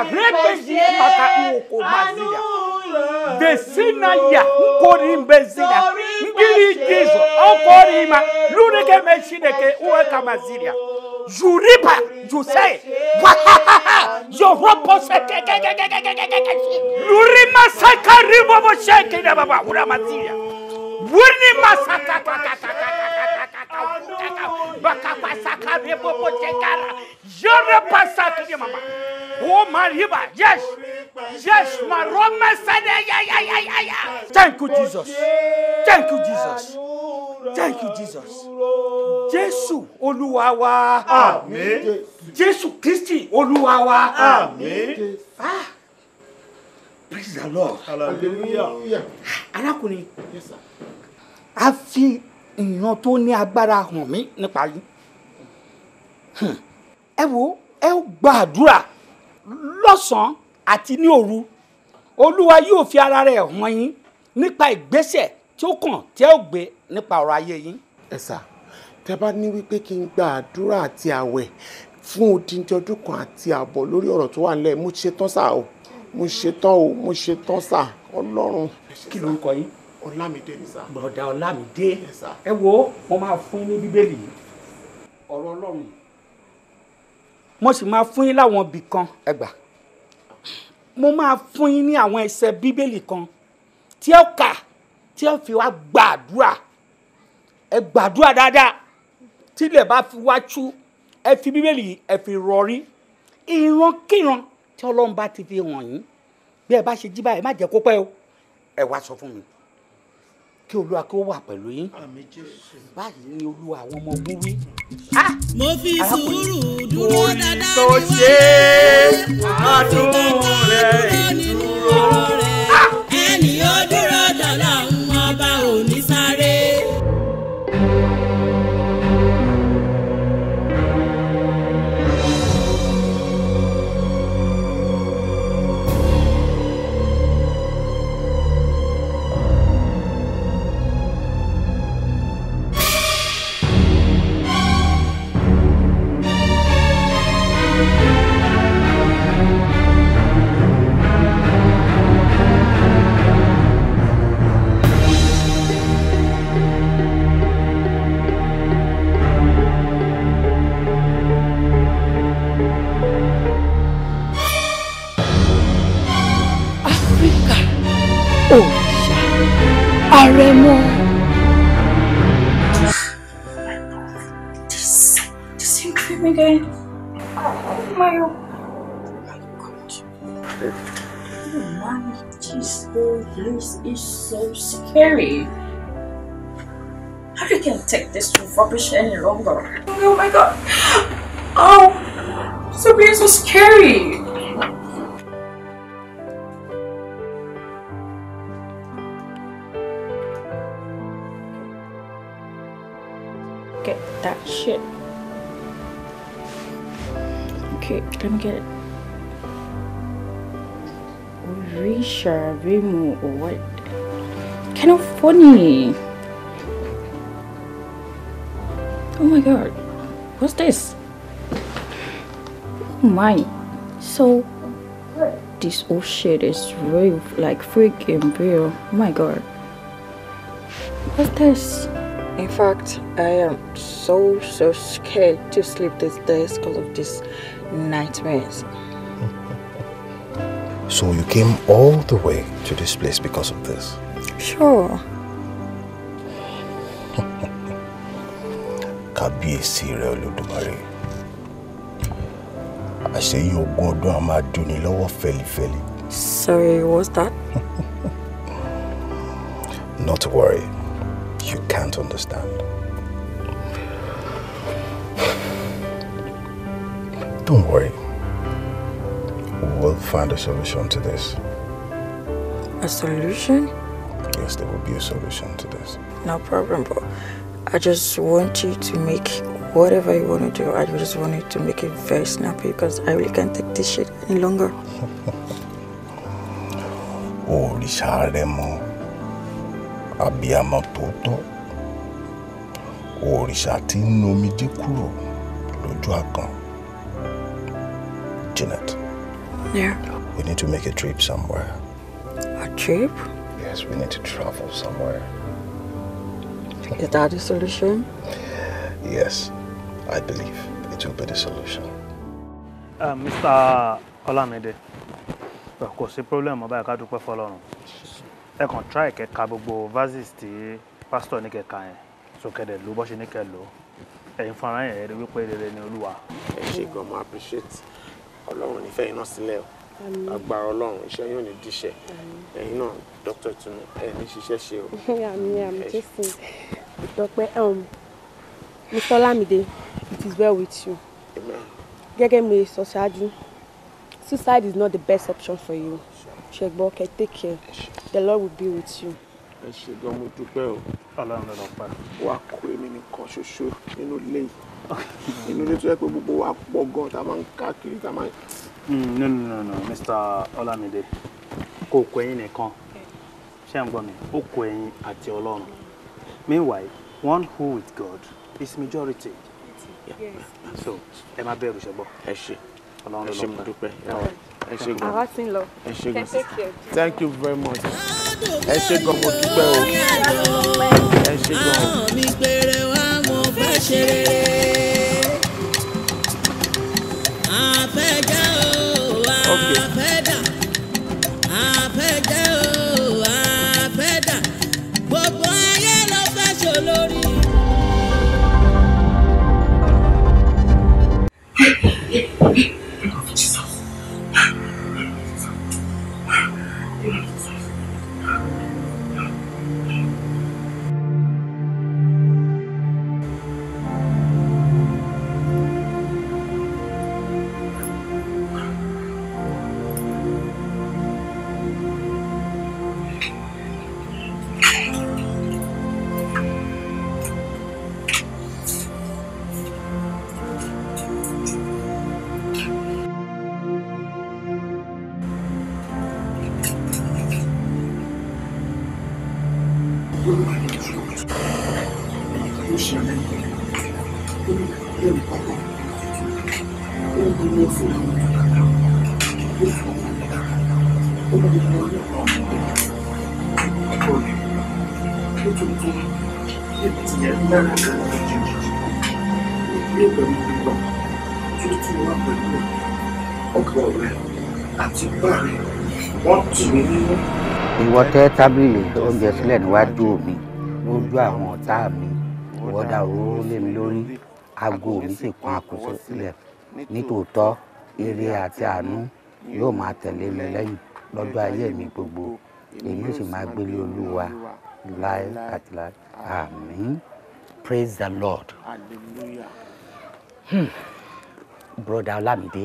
Speaker 2: ijizo okorima lurike mechineke uwekamaziria zuripa juse zohoposekekekekekekeke luri masaka rivovosekine vava ura maziria vuni masaka vakakwasa karebobote kara. Yorepasa to the mama. Oh, Mariba. Yes. Yes, my Roman Sada.
Speaker 1: Thank you, Jesus.
Speaker 2: Thank you, Jesus. Thank you, Jesus. Jesus Oluwawa Amen. Jesus Jésù Oluwawa Amen. Ah. Praise the Lord. Hallelujah. Ah, arákùnrin. Yes, sir. A fi ìran tó ní agbára hàn mí nípa yín. Hmm. ẹ wo ẹ gba àdúrà lọ́sàn-án àti ní òru olúwa yóò fi ara rẹ̀ hàn yín nípa ìgbésẹ̀ tí ó kàn tí ẹ ó gbé nípa ọ̀rọ̀ ayé yín. ẹ sà tẹ bá ní wípé kí n gba àti àwẹ̀ fún odindi ọdún kan àti ààbọ̀ lórí ọ̀rọ̀ tó wà nílẹ̀ mo ṣe tán sà o mo ṣe tán o mo ṣe tán sà ọlọ́run. kí ló ń kọ yín. ọlámídé ni sà. bọ̀dà ọlámídé ẹ wo mo máa fún yín ní bíbélì ọ̀rọ̀ ọlọ́run mo sì máa fún yín láwọn ibì kan. ẹ gbà. mo máa fún yín ní àwọn ẹsẹ bíbélì kan tí ó kà tí ó fi wá gbàdúrà ẹ gbàdúrà dáadáa tílẹ̀ bá fi wá tú ẹ fi bíbélì ẹ fi rọrí ìrankíran tí ọlọ́run bá ti fi hàn yín bí ẹ bá ṣe jí báyìí má jẹ́ kó pẹ́ o ẹ wá sọ fún mi kí olúwa kó wà pẹ̀lú yín báyìí ni olúwa àwọn ọmọ ogun wí. Ah! mo fi
Speaker 3: sùúrù dúró dáadáa tó ṣe
Speaker 2: àdúrà rẹ
Speaker 3: ìdúró ẹni ó dúró dọ̀là ń Àrẹ̀mọ.
Speaker 4: This, this include me again. Oh my God. Man, this whole place is so scary. How you can take this rubbish any longer? Oh my god! Oh! So being so scary! get that shit. Okay, let me get it. Risha Rimu or what? Kind of funny. Oh my god. What's this? Oh my. So this old shit is real like freaking real. Oh my god.
Speaker 5: What's this? in fact i am so so scared to sleep these days because of these nightmares
Speaker 2: <laughs> so you came all the way to this place because of this
Speaker 5: sure <laughs>
Speaker 2: kábíyèsí rẹ I say you go a máa lower feli feli.
Speaker 4: sorry what's that.
Speaker 2: <laughs> not to worry you can't understand. Don't worry. We'll find a solution to this.
Speaker 5: A solution?
Speaker 2: Yes, there will be a solution to this.
Speaker 5: No problem, but I just want you to make whatever you want to do. I just want you to make it very snappy because I really can't take this shit any longer. <laughs>
Speaker 2: oh, Richard, abiyamọ tòótọ́ òrìṣà tí ń nu omijé kúrò lójú àkàn Janet. Yeah. We need to make a trip somewhere. A trip? Yes, we need to travel somewhere.
Speaker 4: Is that the solution?
Speaker 2: Yes, I believe it will be the solution. Uh, Mr. Olamide, kò sí problem ọba ẹ̀ka dúpẹ́ fọlọ́run ẹ kàn try kẹka gbogbo verses tí pásítọ̀ ní kẹka yẹn sókèdè ló bọ́ ṣe ní kẹ lò ẹ̀yin fúnra yẹn rí wípé rere ni olúwa. ẹ ṣe gan mo appreciate ọlọ́run nífẹ̀ẹ́ iná sílẹ̀ o agbára ọlọ́run iṣẹ́ yóò ní díṣẹ́ ẹ̀yin náà dr tunu ẹ ní ṣiṣẹ́ ṣe o. àmì <laughs> àmì jésù
Speaker 4: ìtọ́pẹ́ um, mr lamide it is well with you. gẹ́gẹ́ mi sọ ṣáájú suicide is not the best option for you ṣẹgbọn kẹ take care the lord will be with you.
Speaker 2: ẹ ṣe gan mo dúpẹ́ o ọlọ́run ló lọ pa. wàá kó èmi nìkan ṣoṣo nínú ilé yìí inú ilé tó yẹ pé gbogbo wa pọ̀ gan tá a máa ń káàkiri tá a máa. Hmm, no no no no mr olamide kò kó ẹ̀yin nìkan ṣé ń gbọ́ mi ó kó ẹ̀yin àti ọlọ́run meanwhile one who with god is majority so ẹ má bẹ̀rù ṣọgbọ́. ẹ ṣe ọlọ́run ló lọ pa ẹ ṣe mo dúpẹ́ ẹ ṣe gan àwa ti ẹ ṣe gan thank you very much ẹ ṣe gan mo dúpẹ́ o ẹ ṣe gan o. tẹ́ tábìlì oúnjẹ sílẹ̀ níwájú mi lójú àwọn ọ̀tá mi ìwọ́dà òróró lé mi lórí aago mi sì kan àkóso sílẹ̀ nítòótọ́ ire àti àánú yóò máa tẹ̀lé mi lẹ́yìn lọ́jọ́ ayé mi gbogbo èmi sì máa gbélé olúwa láé àti láé àmín praise the lord hallelujah hmm. broda olamide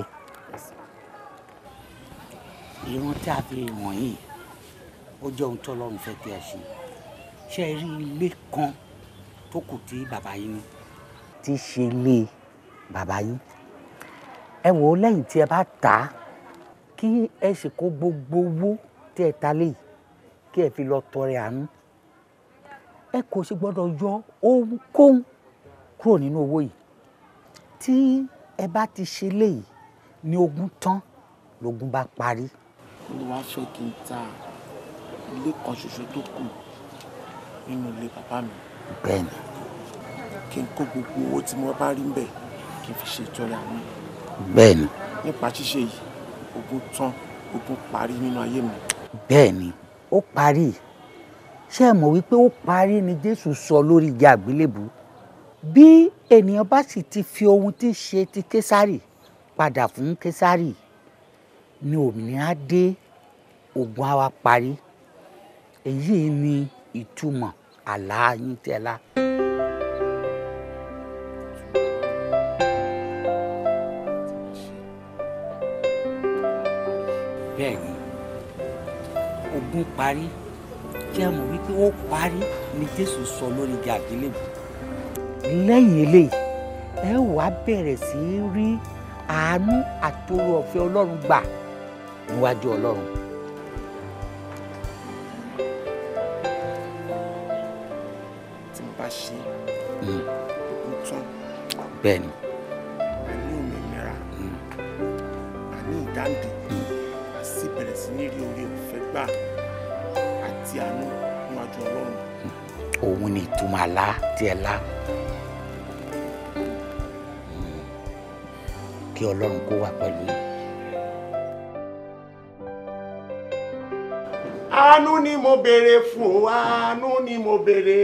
Speaker 2: ìrántí
Speaker 4: àfihàn yìí ó jẹ́ ohun tí ọlọ́run fẹ́ kí ẹ ṣe
Speaker 2: ṣe é rí ilé kan tó kù tí bàbá yín ní tí í ṣe ilé bàbá yín ẹ wò ó lẹ́yìn tí ẹ bá tà á kí ẹ sì kó gbogbo owó tí ẹ ta lé kí ẹ fi lọ tọrẹ àánú ẹ kò sì gbọ́dọ̀ yọ ohunkóhun kúrò nínú owó yìí tí ẹ bá ti ṣe léyìí ní ogún tán lógún bá parí. olùwàṣọ kì í ta ilé kan ṣoṣo tó kù nínú ilé bàbá mi. bẹ́ẹ̀ni. kí n kó gbogbo owó tí mo bá rí ń bẹ̀ kí n fi ṣe ìtọ́rẹ àwọn. bẹ́ẹ̀ni. nípa ṣíṣe yìí ogun tán ogun parí nínú ayé mi. bẹ́ẹ̀ni ó parí ṣé ẹ mọ̀ wípé ó parí ni jésù sọ lórí ìjà àgbélébù bí ènìyàn bá sì ti fi ohun tí ń ṣe ti késárì padà fún késárì ni òmìnira dé ogun àwa parí èyí ni ìtumọ̀ àlá yín tẹ́lá. bẹ́ẹ̀ni ogun parí kí a mọ̀ wípé ó parí ni jésù sọ lórí igi àgbélébù. lẹ́yìn eléyìí ẹ wàá bẹ̀rẹ̀ sí í rí àánú àtòrò ọ̀fẹ́ ọlọ́run gbà níwájú ọlọ́run. bẹ́ẹ̀ ni. a ní òmìnira a ní ìdáǹdè a sì bẹ̀rẹ̀ sí ní rí orí òfẹ́ gbà àti àánú níwájú ọlọ́run. òun ni ìtumọ̀ àlá tí ẹ lá. kí ọlọ́run kó wà pẹ̀lú yìí. àánú ni mo béèrè fún àánú ni mo béèrè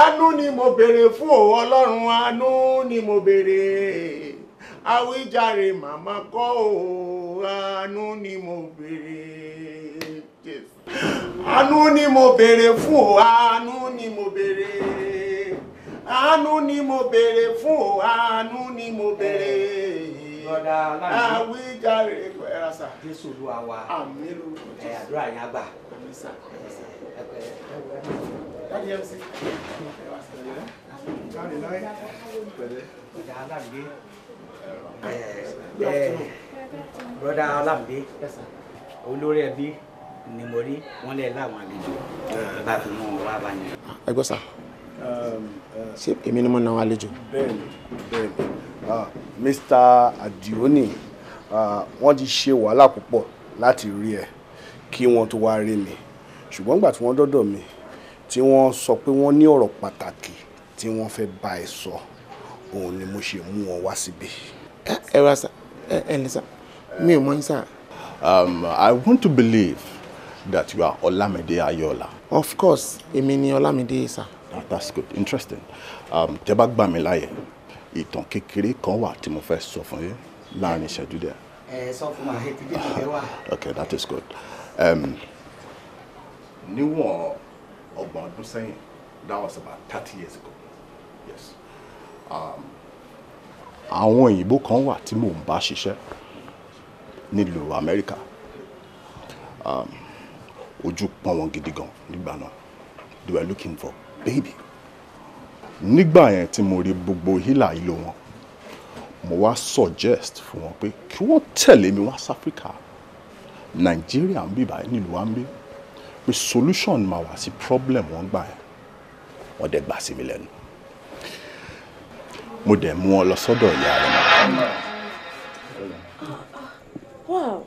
Speaker 2: àánú ni mo béèrè fún o ọlọ́run àánú ni mo béèrè àwíjàre màmá kọ́ o àánú ni mo béèrè àánú ni mo béèrè fún o àánú ni mo béèrè àánú ni mo béèrè fún o àánú ni mo béèrè ọ̀dà aláàbí àwíjàre ẹ̀rọ sà. jésù olúwa wa àmín lórúkọ jésù. àdúrà yẹn á gbà. àmín sà. ẹ ẹ ẹ ẹ ẹ. Wọ́n yẹ sí. Káàdì láyé. Pẹ̀lẹ́. Ìjà Alábìdé. Ẹ broda Alábìdé olórí ẹbí ni mo rí wọn lẹ láwọn àlejò bá fi mú wọn wá bá ní. Ah, ẹ gbọ́ sà um, uh, ṣé èmi ni mo náwó àlejò. bẹ́ẹ̀ni bẹ́ẹ̀ni ah, Mr. Adioni ah, wọ́n ti ṣe wàhálà púpọ̀ láti rí ẹ kí wọ́n tó wá rí mi ṣùgbọ́n nígbà tí wọ́n dọ́dọ̀ mi. Uh, tí wọ́n sọ pé wọ́n ní ọ̀rọ̀ pàtàkì tí wọ́n fẹ́ bá ẹ sọ òun ni mo ṣe mú wọn wá síbí. ẹ wá sá ẹ ẹ ní sá mi ò mọ yín sá. Um, I want to believe that you are Olamide Ayola. Of course, èmi ni Olamide sá. That's good, interesting. Um, Tẹ́ bá gbà mí láyè, ìtàn kékeré kan wà tí mo fẹ́ sọ fún yín láàrin ìṣẹ́jú díẹ̀. Ẹ sọ fún wa, ètùtù kẹwàá. <laughs> Okay, that is good. Um, níwọ̀n ọgbọ̀n ọdún that was about thirty years ago yes um, àwọn òyìnbó kan wà tí mò ń bá ṣiṣẹ́ nílùú Amẹ́ríkà um, ojú pọ́n wọn gidi gan nígbà náà they were looking for baby nígbà yẹn tí mo rí gbogbo hílà ìlò wọn mo wá suggest fún wọn pé kí wọ́n tẹ̀lé mi wá sí Africa Nàìjíríà ń bíbá nílùú wa ń bíbá pé solution máa wà sí problem wọn gbà ẹ́ wọ́n gbà sí mi lẹ́nu mo dẹ̀ mú ọ lọ sọ́dọ̀ ìyá rẹ̀ náà.
Speaker 4: wow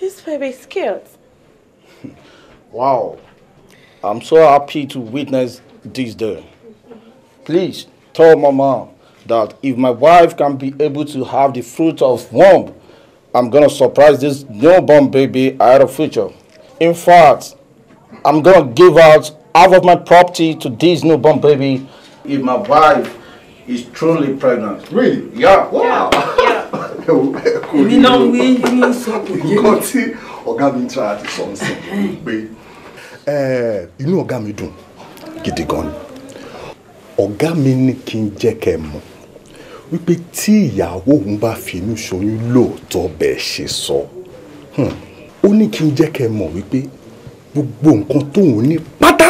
Speaker 4: this baby is cute.
Speaker 2: wow i'm so happy to witness this day please tell Mama that if my wife can be able to have the fruit of womb i'm gonna surprise this newborn baby out of future in fact I'm gonna give out half of my property to this newborn baby. If my wife is truly pregnant. Really? Yeah. Wow. Èmi náà wí ní sọ́kù. Nǹkan tí ọ̀gá mi ń try àti sọ ń sìn pé eh, inú ọ̀gá mi dùn gidi gan ni. Ọ̀gá mi ní kí n jẹ́ kẹ́ ẹ mọ̀ wípé tí ìyàwó òun bá fi inú ṣoyún lóòótọ́ bẹ́ẹ̀ ṣe sọ. Hmm, ó ní kí n jẹ́ kẹ́ ẹ mọ̀ wípé gbogbo nǹkan tóun ní pátá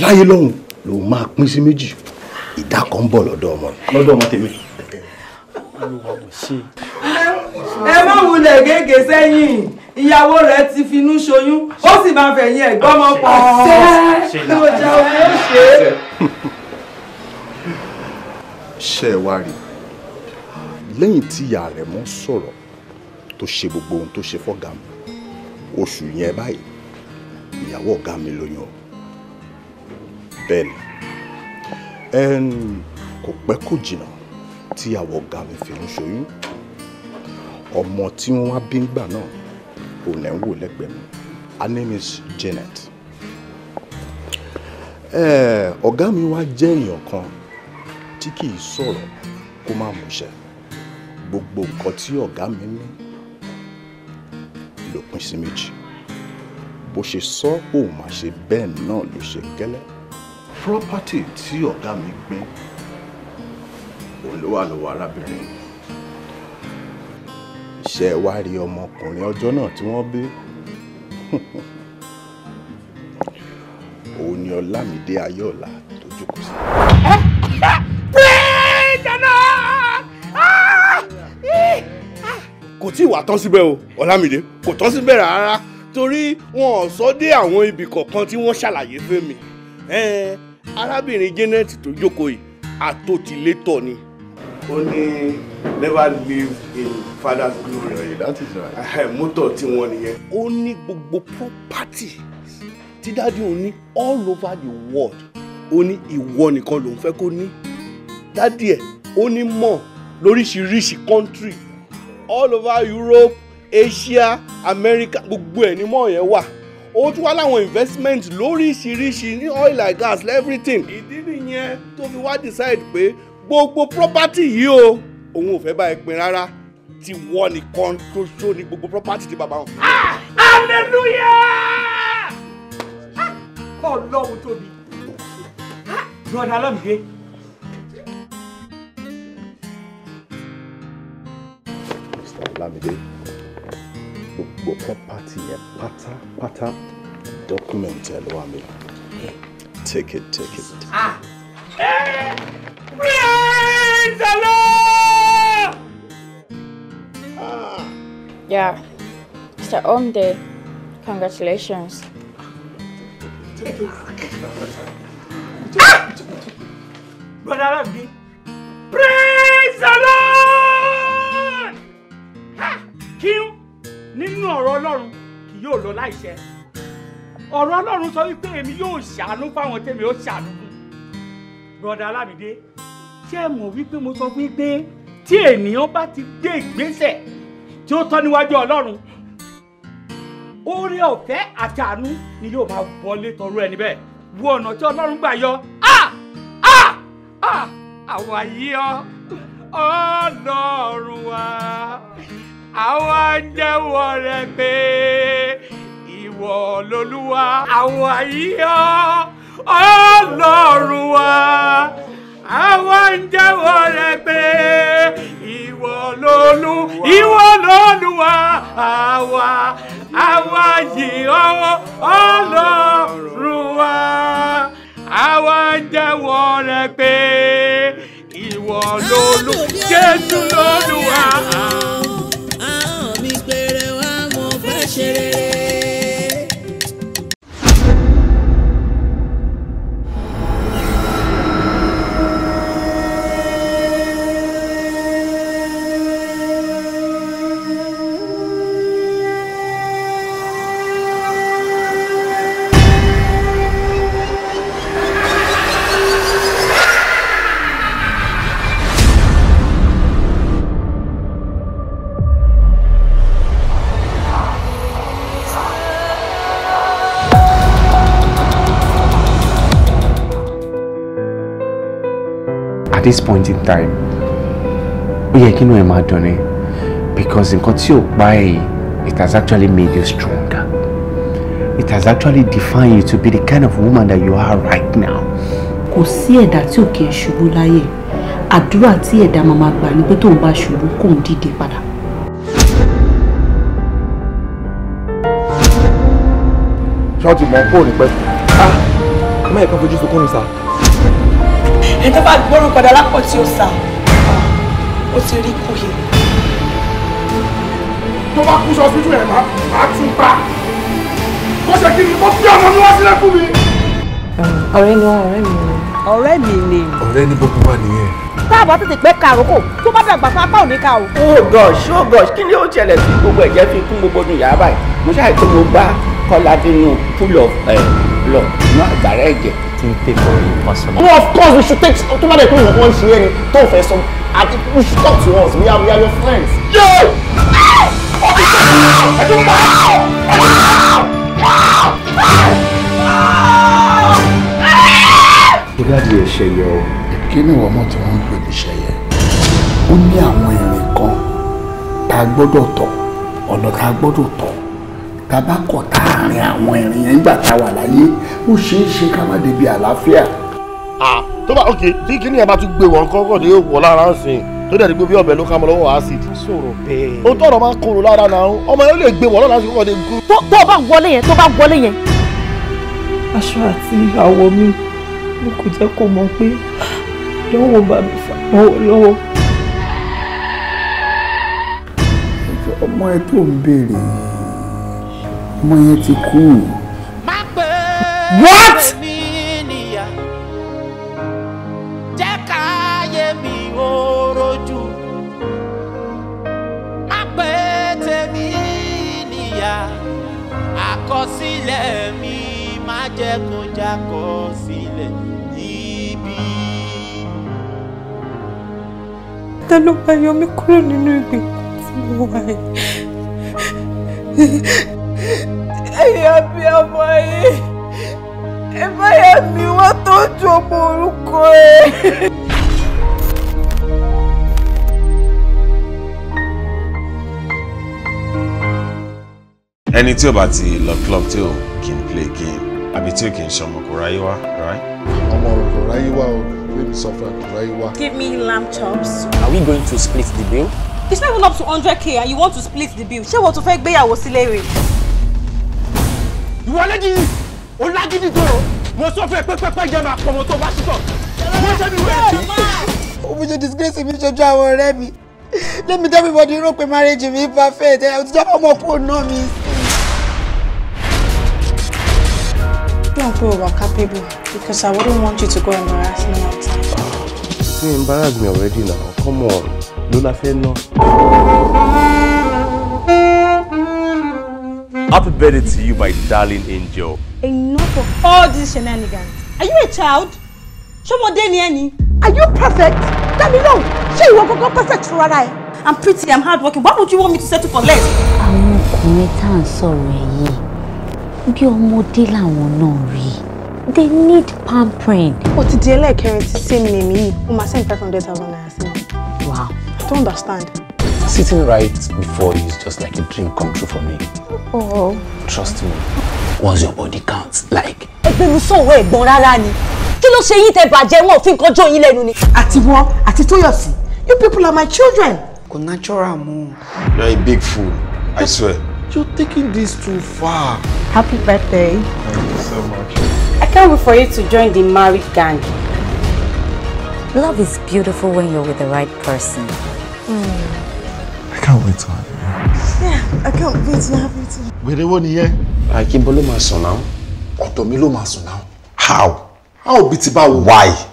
Speaker 2: láyé lọ́hùn lòun máa pín sí méjì ìdá kan ń bọ̀ lọ́dọ̀ ọmọ rẹ̀. lọ́dọ̀ ọmọ tèmi. ẹ má wulẹ̀ gègé sẹ́yìn ìyàwó rẹ̀ ti finú ṣoyún ó sì máa fẹ̀yìn ẹ̀gbọ́n ọmọ pọ̀ ṣe ló jẹ́ owó ṣe. ṣé ẹ wá rí lẹ́yìn tí ìyá rẹ̀ mọ́ sọ̀rọ̀ tó ṣe gbogbo ohun tó ṣe fọ́gàmù oṣù yẹn báyìí ìyàwó ọ̀gá mi lóyún o bẹ́ẹ̀ ni kò pẹ́ kò jìnnà tí ìyàwó ọ̀gá mi fi ń ṣoyún ọmọ tí wọ́n wá bí ńgbà náà ò lẹ́ ń wò lẹ́gbẹ̀ẹ́ mi her name is Janet ọ̀gá mi wá jẹ́ èèyàn kan tí kì í sọ̀rọ̀ kó má múṣẹ gbogbo nǹkan tí ọ̀gá mi ní ló sí méjì bó ṣe sọ òun máa ṣe bẹ́ẹ̀ náà ló ṣe gẹ́lẹ́. property tí ọ̀gá mi gbé òun ló wà lọ́wọ́ arábìnrin mi. ṣé ẹ wá rí ọmọkùnrin ọjọ́ náà tí wọ́n bí? <laughs> òun ni ọlámídé ayọ̀ọ́lá tó jókòó sí. kò tí ì wà tán síbẹ̀ o ọlámídé kò tán síbẹ̀ rárá torí wọn ò sọ dé àwọn ibì kọ̀ọ̀kan tí wọ́n ṣàlàyé fún mi arábìnrin Janet tó jókòó yìí àtòtílétọ̀ ni. ó ní never live in father's glory. Yeah, that is right. mọ́tò tí wọ́n nìyẹn. ó ní gbogbo property tí dáàdi òun ní all over the world ó ní ìwọ nìkan lòun fẹ́ kó ní dáàdi ẹ̀ ó ní mọ̀ lóríṣiríṣi country all over Europe Asia America gbogbo ẹ̀ ní mọ́ yẹn wà ó tún wá láwọn investment lóríṣiríṣi ní oil and gas everything ìdí nìyẹn tó fi wá decide pé gbogbo property yìí o òun ò fẹ́ bá ẹ pin rárá tí wọ́n nìkan tó ṣó ní gbogbo property tí bàbá wọn. hallelujah ọlọ́run tóbi brother alamide. Mr gbogbo property yẹn pátápátá document ẹ ló wà mí. take it take it.
Speaker 1: Ah. Praise the
Speaker 4: Lord! Ah. Yeah, Mr. Omde, congratulations. Ah! Brother Rabbi, praise the
Speaker 2: Lord! Ha! Kim nínú ọ̀rọ̀ ọlọ́run kì yóò lọ láìṣẹ ọ̀rọ̀ ọlọ́run sọ wípé èmi yóò ṣàánú fáwọn tèmi ó ṣàánú fún broda alámìdé ṣé ẹ wípé mo sọ fún yín pé tí ènìyàn bá ti gbé ìgbésẹ̀ tí ó tọ́ níwájú ọlọ́run oore ọ̀fẹ́ àti àánú ni yóò máa wọlé tọrú ẹni bẹ́ẹ̀ wo ọ̀nà tí ọlọ́run gbà yọ àwọn ayé ọ ọlọ́run wa àwa jẹ́wọ́ rẹ pé ìwọ lolúwa àwa yíyọ ọlọ́run wa àwa jẹ́wọ́ rẹ pé ìwọ lolú ìwọ lolúwa àwa àwa yíyọ ọlọ́run wa àwa jẹ́wọ́ rẹ pé ìwọ lolú Jésù lolúwa.
Speaker 1: Sherere.
Speaker 2: this point in time ó yẹ kí inú ẹ máa dùn because nǹkan tí ò pa ẹ it has actually made you stronger it has actually defined you to be the kind of woman that you are right
Speaker 4: now. kò sí ẹ̀dá tí ò kí ń ṣubú láyé àdúrà tí ẹ̀dá máa máa gbà ni pé tóun bá ṣubú kóun dìde padà.
Speaker 2: ṣọ́ọ̀tì mọ̀ kó o ní pẹ́. ah ẹ má yẹ ká fojú sunkún mi sá
Speaker 4: ẹni tó bá gbórùn padà lápọ̀ tí ó sà
Speaker 2: ó ti rí kú yìí. tó bá kú sọ síjú ẹ̀ máa
Speaker 1: tún pa bó ṣe kí ni ó fi ọmọ mi wá sílẹ̀ fún mi.
Speaker 4: ọ̀rẹ́ ni ọ̀rẹ́ mi ni. ọ̀rẹ́ mi ni. ọ̀rẹ́ ní gbogbo wa nìyẹn.
Speaker 1: tá a bá tètè pẹ́ ka àrókò tó
Speaker 2: bá dàgbà fún apá òní ka o. oh gosh oh gosh kí ni ó ṣẹlẹ̀ sí gbogbo ẹ̀jẹ̀ fi kún gbogbo ọdún yàrá báyìí mo ṣàìpé ti pay for you personally. no of course we should take tó bá dẹ̀ pé nǹkan wọ́n ń ṣe ẹni tó fẹ́ sọ àti we should talk to us we are we are your friends. yóò ọ̀fíìsì ẹ̀dùn bá ìdádì ẹ̀ṣẹ̀ yọ ọ́. kí ni ìwọ mọ̀ tí wọ́n ń pè ní ṣẹ̀yẹ? ó ní àwọn ìrìn kan tá a gbọ́dọ̀ tọ̀ ọ̀nà tá a gbọ́dọ̀ tọ̀ tàbá kọ̀ táàrin àwọn ìrìn yẹn nígbà tá a wà láyé ó ṣeé ṣe ká má débi àlàáfíà. tó bá ok tí kíní ẹ bá tún gbé wọn kọ́kọ́ ní èèwọ̀ lára ń sìn tó dẹ̀ ní gbé bí ọ̀bẹ ló ká mọ́ lọ́wọ́ acid. sọ̀rọ̀ bẹ́ẹ̀. o tọrọ máa ń korò lára náà ọmọ yẹn lè gbé wọn lọ́la síkọ́ de
Speaker 4: gún. tó tó bá wọlé yẹn tó bá wọlé yẹn.
Speaker 2: aṣọ àti àwọ̀ mi ni kò jẹ́ kó mọ̀ pé lọ́wọ́ bá mi fà lọ́wọ́ ọmọ ẹ tó ń béèrè yìí ọmọ yẹn ti kú. what. àkọsílẹ̀ mi
Speaker 3: má jẹ́ kó
Speaker 2: jákọsílẹ̀
Speaker 3: ibi.
Speaker 5: ta ló bá yọ mí kúrò nínú ìgbèkùn tí mo wà yìí ọmọ yìí ẹ báyà mi wọ́n tọ́jú ọmọ orúkọ ẹ.
Speaker 2: ẹni tí ó bá ti lọ club tí ó kì í play game àbí tí ó kì í ṣe ọmọ kò ráyé wá right. ọmọ kò ráyé wá o baby suffer kò ráyé wá. give
Speaker 4: me lamb chops. are we going to
Speaker 2: split the bill.
Speaker 4: it's not even up to hundred k and you want to split the bill ṣé wọ́n tún fẹ́ gbéyàwó sílé rẹ̀
Speaker 2: ìwọlé di yìí ó lágídí tóró mo sọ fún ẹ pé pẹpẹ jẹ máa pọmọ tó bá ṣùtọ wọn ṣe mi wẹrẹ.
Speaker 5: ó fi ṣe disgrace mi ṣojú àwọn ọ̀rẹ́
Speaker 4: mi lẹ́mi dábì bọ́dí rò pé marriage mi perfect ẹ̀ òtítọ́ ọmọ kò ná mi. Don't go over capable because I wouldn't want you to go embarrass me at
Speaker 2: times. You embarrass me already now. Come on. Lola fẹ́ ná. Happy birthday to you, my darling angel.
Speaker 4: Enough of all these shenanigans. Are you a child? Show more than any. Are you perfect? Tell Dami lóhùn, ṣé ìwọ go perfect fún rárá ẹ̀? I'm pretty, I'm hardworking. Why would you want me to settle for less? I'm ọkùnrin tá à ń sọ̀rọ̀ ẹ̀ yìí, bí ọmọdé They need pampering. O ti di ẹlẹ́ẹ̀kẹrin tí same name yìí, o máa send five hundred thousand naira Wow. I don't understand.
Speaker 2: Sitting right before you is just like a dream come true for me. Oh. Trust me. Once your body counts,
Speaker 4: like. Ẹgbẹ́ mi sọ̀wọ́ ẹ̀gbọ́n rárá ni. Kí ló ṣe yín tẹ bàjẹ́ wọn òfin kan jó yín lẹ́nu ni? Àti wọn àti Tóyọ̀sí, you people are my children. Kò natural mọ́.
Speaker 2: You are a big fool, I swear.
Speaker 4: You're taking this too far. Happy birthday.
Speaker 2: Thank you so much.
Speaker 4: I can't wait for you to join the married gang. Love is beautiful when you're with the right person.
Speaker 5: Mm.
Speaker 2: I can't wait to have
Speaker 5: you. Yeah, I can't wait to have you
Speaker 4: too. Wèrè
Speaker 2: wo nìyẹn? Àkíbo ló máa sùn náà. Ọ̀dọ̀ mi ló máa sùn náà. How? How bí Why?